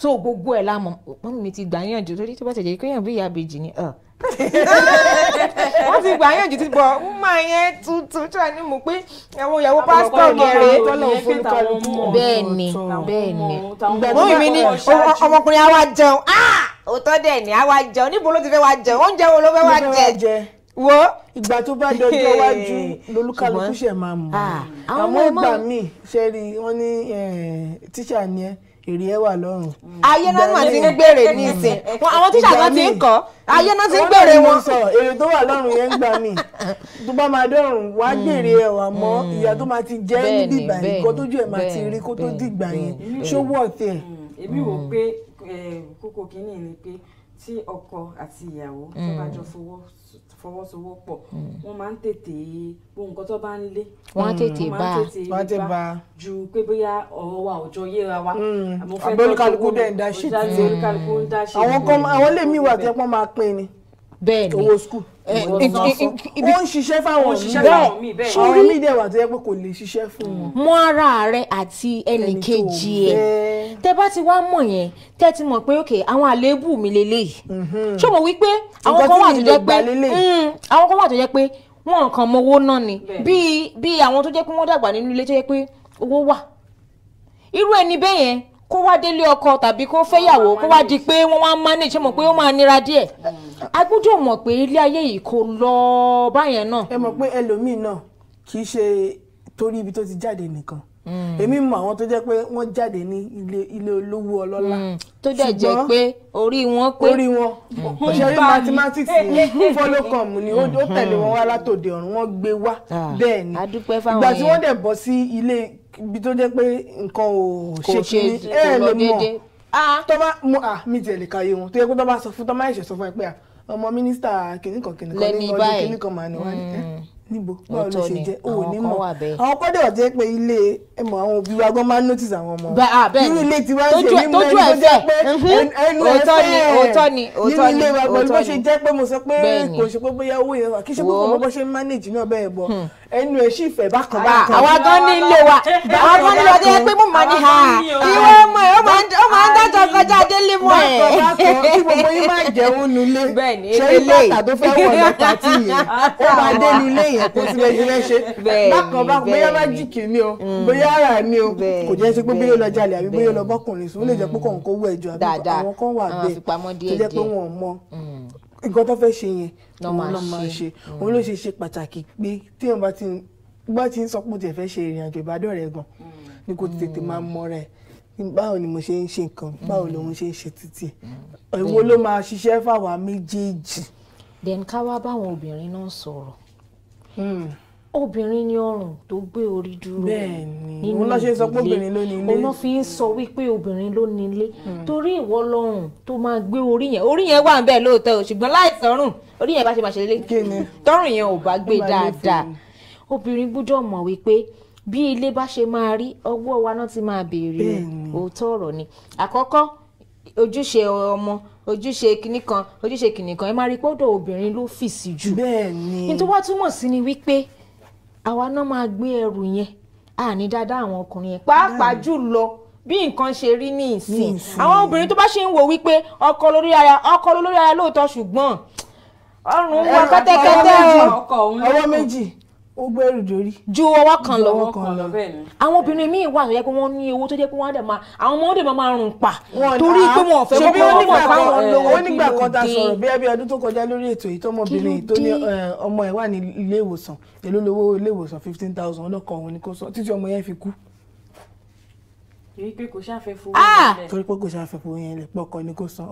so gbogbo ẹ̀ la mọ̀ mọ́mí mi ti gbà yànjú torí tó bá ti jẹ́ pé yàn bí ìyá bèjì ni ah. *laughs* wọ́n ti gbà yànjú ti bọ̀ ń mà yẹn tuntun tí wàá ní mú pé àwọn ìyàwó pásítọ̀ gẹ̀rẹ́ bẹ́ẹ̀ ni bẹ́ẹ̀ ni mọ́mí mi ní ọmọkùnrin àwa jẹun ah! òótọ́ dẹ̀ ni àwa jẹun níbo ló ti fẹ́ wá jẹun oúnjẹ wo ló fẹ́ wá jẹ wo ìgbà tó bá dọjọ́ iwájú *laughs* lolúkálukú ṣe máa ah, mọ̀ àwọn ìgbà míì ṣe rí wọn ní eh, tíṣà ni ẹ èrè ẹ wà lọ́rùn. ayé náà mà ti ń gbèrè ní ìsìn àwọn tíṣà kan ti ń kọ́ ayé náà ti ń gbèrè wọn. èrè tó wà lọ́rùn yẹn ń gbà mí tó bá máa dọ̀rùn wàá gbèrè ẹ̀ wà mm. mọ́ mm. ìyá tó máa ti jẹ́ níbi ìgbà kó tójú ẹ̀ máa ti rí kó tó dìgbà yẹn ṣó wọ̀ tẹ̀. Mm. èmi wò pé eh, kókó kínní ni pé tí ọkọ àti ìyàwó tó bá mm. jọ fọwọ́sowọ́pọ̀ mm. wọ́n máa ń tètè bó nǹkan tó bá ń lé wọ́n á mm. tètè bá wọ́n á tètè bá ju pé bóyá ọ̀rọ̀ wa ò jọ yéra wa àbí olúkálùkù dẹ̀ ń dá ṣètì àwọn lè mí wà tẹ́pọ́n máa pín ni owó skul Eh, ó ń ṣiṣẹ́ fáwọn oh, míì bẹ́ẹ̀ ṣọ́rí mi dẹ̀ wà tó yẹ pé kò lè ṣiṣẹ́ fún wọn. mọ ara rẹ àti ẹnì kejì ẹ tẹ bá ti wá mọ̀ yẹn tẹ ti mọ̀ pé ok àwọn àléébù mi lélẹyìí mhm. ṣé mo wí pé mm, àwọn kan wà tó jẹ pé àwọn kan wà tó jẹ pé wọn kàn mọ owó náà ni bíi bíi àwọn tó jẹ pé wọn dàgbà nínú ilé tó jẹ pé owó wà irú ẹni bẹ́ẹ̀ yẹn kó wá délé ọkọ tàbí kó fẹ́yàwó kó wá di pé wọ́n wá manage mọ̀ pé ó máa nira díẹ̀ a gbọ́dọ̀ mọ̀ pé ilé ayé yìí kò lọ báyẹn náà. ẹ mọ̀ pé ẹlòmíì náà kì í ṣe torí ibi tó ti jáde nìkan Mm. èmi mọ àwọn tó jẹ́ pé wọ́n jáde ní ilé ilé olówó ọlọ́lá mm. tó dẹ̀ jẹ́ pé orí wọn pé orí wọn òṣèré mm. mathematics ni folocom ni ó tẹ̀lé wọn wá látòde ọ̀run wọ́n gbé wá ah, bẹ́ẹ̀ ni ìgbà tí wọ́n dẹ̀ bọ́ sí ilé ibi tó jẹ́ pé nǹkan ò ṣe kí ẹ lè mọ̀ tó bá à mi tiẹ̀ lè káyé wọn tó yẹ pé tó sọ fún tó ẹ̀ṣẹ̀ sọ fún ẹ pé ọmọ mínísítà kìnnìkan kìnnìkan ní ọdún níbo báwo ló ṣe jẹ o ò ní mọ àwọn kọ́dọ̀ jẹ́ pé ilé ẹ̀mọ́ àwọn òbí wa gan máa ń notice àwọn ọmọ ah, nínú ilé tiwa ń ṣe ní mẹ́rin tó jẹ́ pé mhm. ẹnu ẹ̀fẹ́ nínú ilé wa pẹ̀lú bó ṣe jẹ́ pé mo sọ pé kò ṣe pé bóyá owó yẹn wà kí ṣe pé kò mọ bó ṣe ń manage náà bẹ́ẹ̀ bọ̀ hmm. ẹnu ẹ̀ sì fẹ̀ bákan ah, bákan. àwa gan ní ilé wa àwa gan ní ilé wa tó yẹ pé mo máa ní ha ah, ìwé ọmọ ẹ ó máa ń dájọ kọjá délé mọ ẹ. bákan bákan tí gbogbo yín máa jẹun nulẹ̀ ṣe é bàtà tó fẹ́ wọ̀ *laughs* ẹ̀kọ́ sí méjì mẹ́ṣe bákan bákan bóyá bá jì kì ní o mm. bóyá ara ní o kò jẹ́ sí pé bóyá lọ jalè àbí bóyá lọ bọ́kùnrin sùn ó lè jẹ́ pé kọ̀ọ̀kan owó ẹ̀jọ̀ àbí àwọn kan wà bẹ́ẹ̀ tó jẹ́ pé wọn ò mọ nǹkan tó fẹ́ ṣe yẹn òun ló máa ṣe òun ló ṣe ṣe pàtàkì pé téèyàn bá ti bá ti ń sọ pé ó ti fẹ́ ṣe ìrìn àjò ìbádọ́rẹ̀ẹ́ gan ni kò tètè máa mọ́ra ẹ̀ báwo ni mo ṣe ń ṣe nǹkan báwo lòun ṣe ń ṣe títì èwo ló máa ṣiṣẹ́ fáwa méjèèjì. then ká wá báwọn obìnrin náà sọ̀rọ̀ Hmm. obìnrin ni ọrùn tó gbé orí dúró bẹ́ẹ̀ni òun náà ṣe sọ pé obìnrin ló ní ilé òun náà fi ń sọ wípé obìnrin ló ní ilé hmm. torí ìwọ lọ́rùn tó máa gbé orí yẹn orí yẹn wà ń bẹ lóòótọ́ o ṣùgbọ́n láìsàn ọrùn orí yẹn bá ṣe máa ṣe lé tọrùn yẹn ò bá gbé dáadáa obìnrin gbọ́dọ̀ mọ̀ wípé bí ilé bá ṣe máa rí ọwọ́ wa náà ti máa béèrè òótọ́ ọ̀rọ̀ ni àkọ́kọ́ ojúṣe ọmọ ojúṣe kìnnì kan ojúṣe kìnnì kan ẹ máa rí pọ́dọ̀ obìnrin ló fì sí jù. bẹ́ẹ̀ni ní tó wá túmọ̀ sí ni wípé àwa náà máa gbé ẹrù yẹn àní dáadáa àwọn ọkùnrin yẹn pàápàá jù lọ bí nǹkan ṣe rí ní ìsìn àwọn obìnrin tó bá ṣe ń wò wípé ọkọ lórí ara ọkọ lórí ara lóòótọ́ ṣùgbọ́n ọrùn wọn kẹ́tẹ́kẹ́tẹ́ ọwọ́ méjì ó gbẹ́rù dórí. ju ọwọ́ kan lọ ọwọ́ kan lọ bẹ́ẹ̀ ni. àwọn obìnrin míì wà tó yẹ pé wọ́n ní owó tó jẹ́ pé wọ́n á dẹ̀ máa àwọn ọmọ òde máa rùn pa. torí pé wọn ò fẹ́ kọ́kọ́ wọn kọ́ àwọn lówó. ó nígbà kan ta sọ̀rọ̀ bí ẹbí ọdún tó kọjá lórí ètò yìí tọmọbìnrin tó ní ọmọ ẹ̀ wà ní ilé ìwòsàn èló lówó ilé ìwòsàn fifteen thousand ọlọ́kọ̀ òun ni kò sọ títí ọmọ yẹn fi kú torí pé kò ṣàfẹ́ fowó ah! yẹn lẹ̀ torí pé kò ṣàfẹ́ fowó yẹn lẹ̀ pé ọkọ ni kò san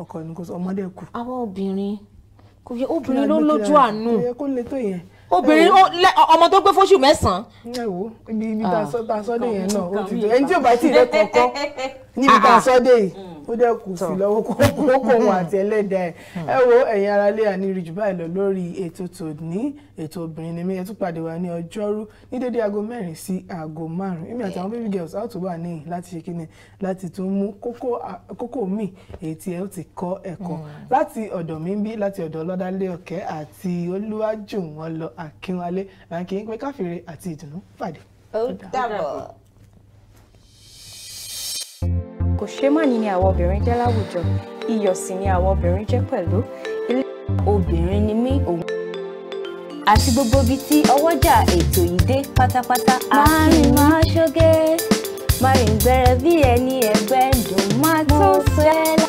ọkọ obìnrin ọmọ tó gbé fóṣù mẹ́sàn-án. ẹ wo ibi ibi ah. tá a sọ nìyẹn náà ó ti dùn ẹni tí ò bá ti rẹ kọ̀ọ̀kan *laughs* níbi tá a ah, ah. sọ dé yìí mm. ó dẹ kù sí lọ́wọ́ kókòwò àti ẹlẹ́dàá ẹ̀ ẹ wo ẹ̀yin aráalé àníri jù báyìí lọ lórí ètò tòní ètò obìnrin ni mí ẹ tún pàdé wa ní ọjọ́rú ní dédé aago mẹ́rin sí aago márùn-ún èmi àtàwọn baby girls á tún wà níyìn láti ṣe kíni láti tún mú kókó míì èyí tí ẹ ó ti kọ́ ẹ̀kọ́ mm. láti ọ̀dọ̀ mi ń bí láti ọ̀dọ̀ ọlọ́dálé ọ̀kẹ́ àti olúwájùwọ̀nlọ akínwálé là ń kí káfíńre àti ìdùnnú pàdé. ó dàbọ̀ kò ṣe má ní ni àwọn obìnrin jẹ́ láwùjọ iyọ̀ sì ni àwọn obìnrin jẹ́ pẹ̀lú ilé obìnrin ni mí òun. àti gbogbo ibi tí ọwọ́jà ètò yìí dé pátápátá. máa rìn máa ṣoge máa rìn gbẹrẹ bí ẹni ẹgbẹ́ dùn máa tó sẹ́lá.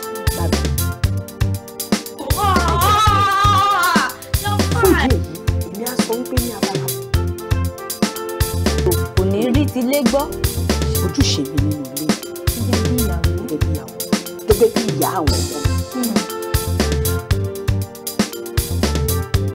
ojúṣe mi nínú ilé. de alma.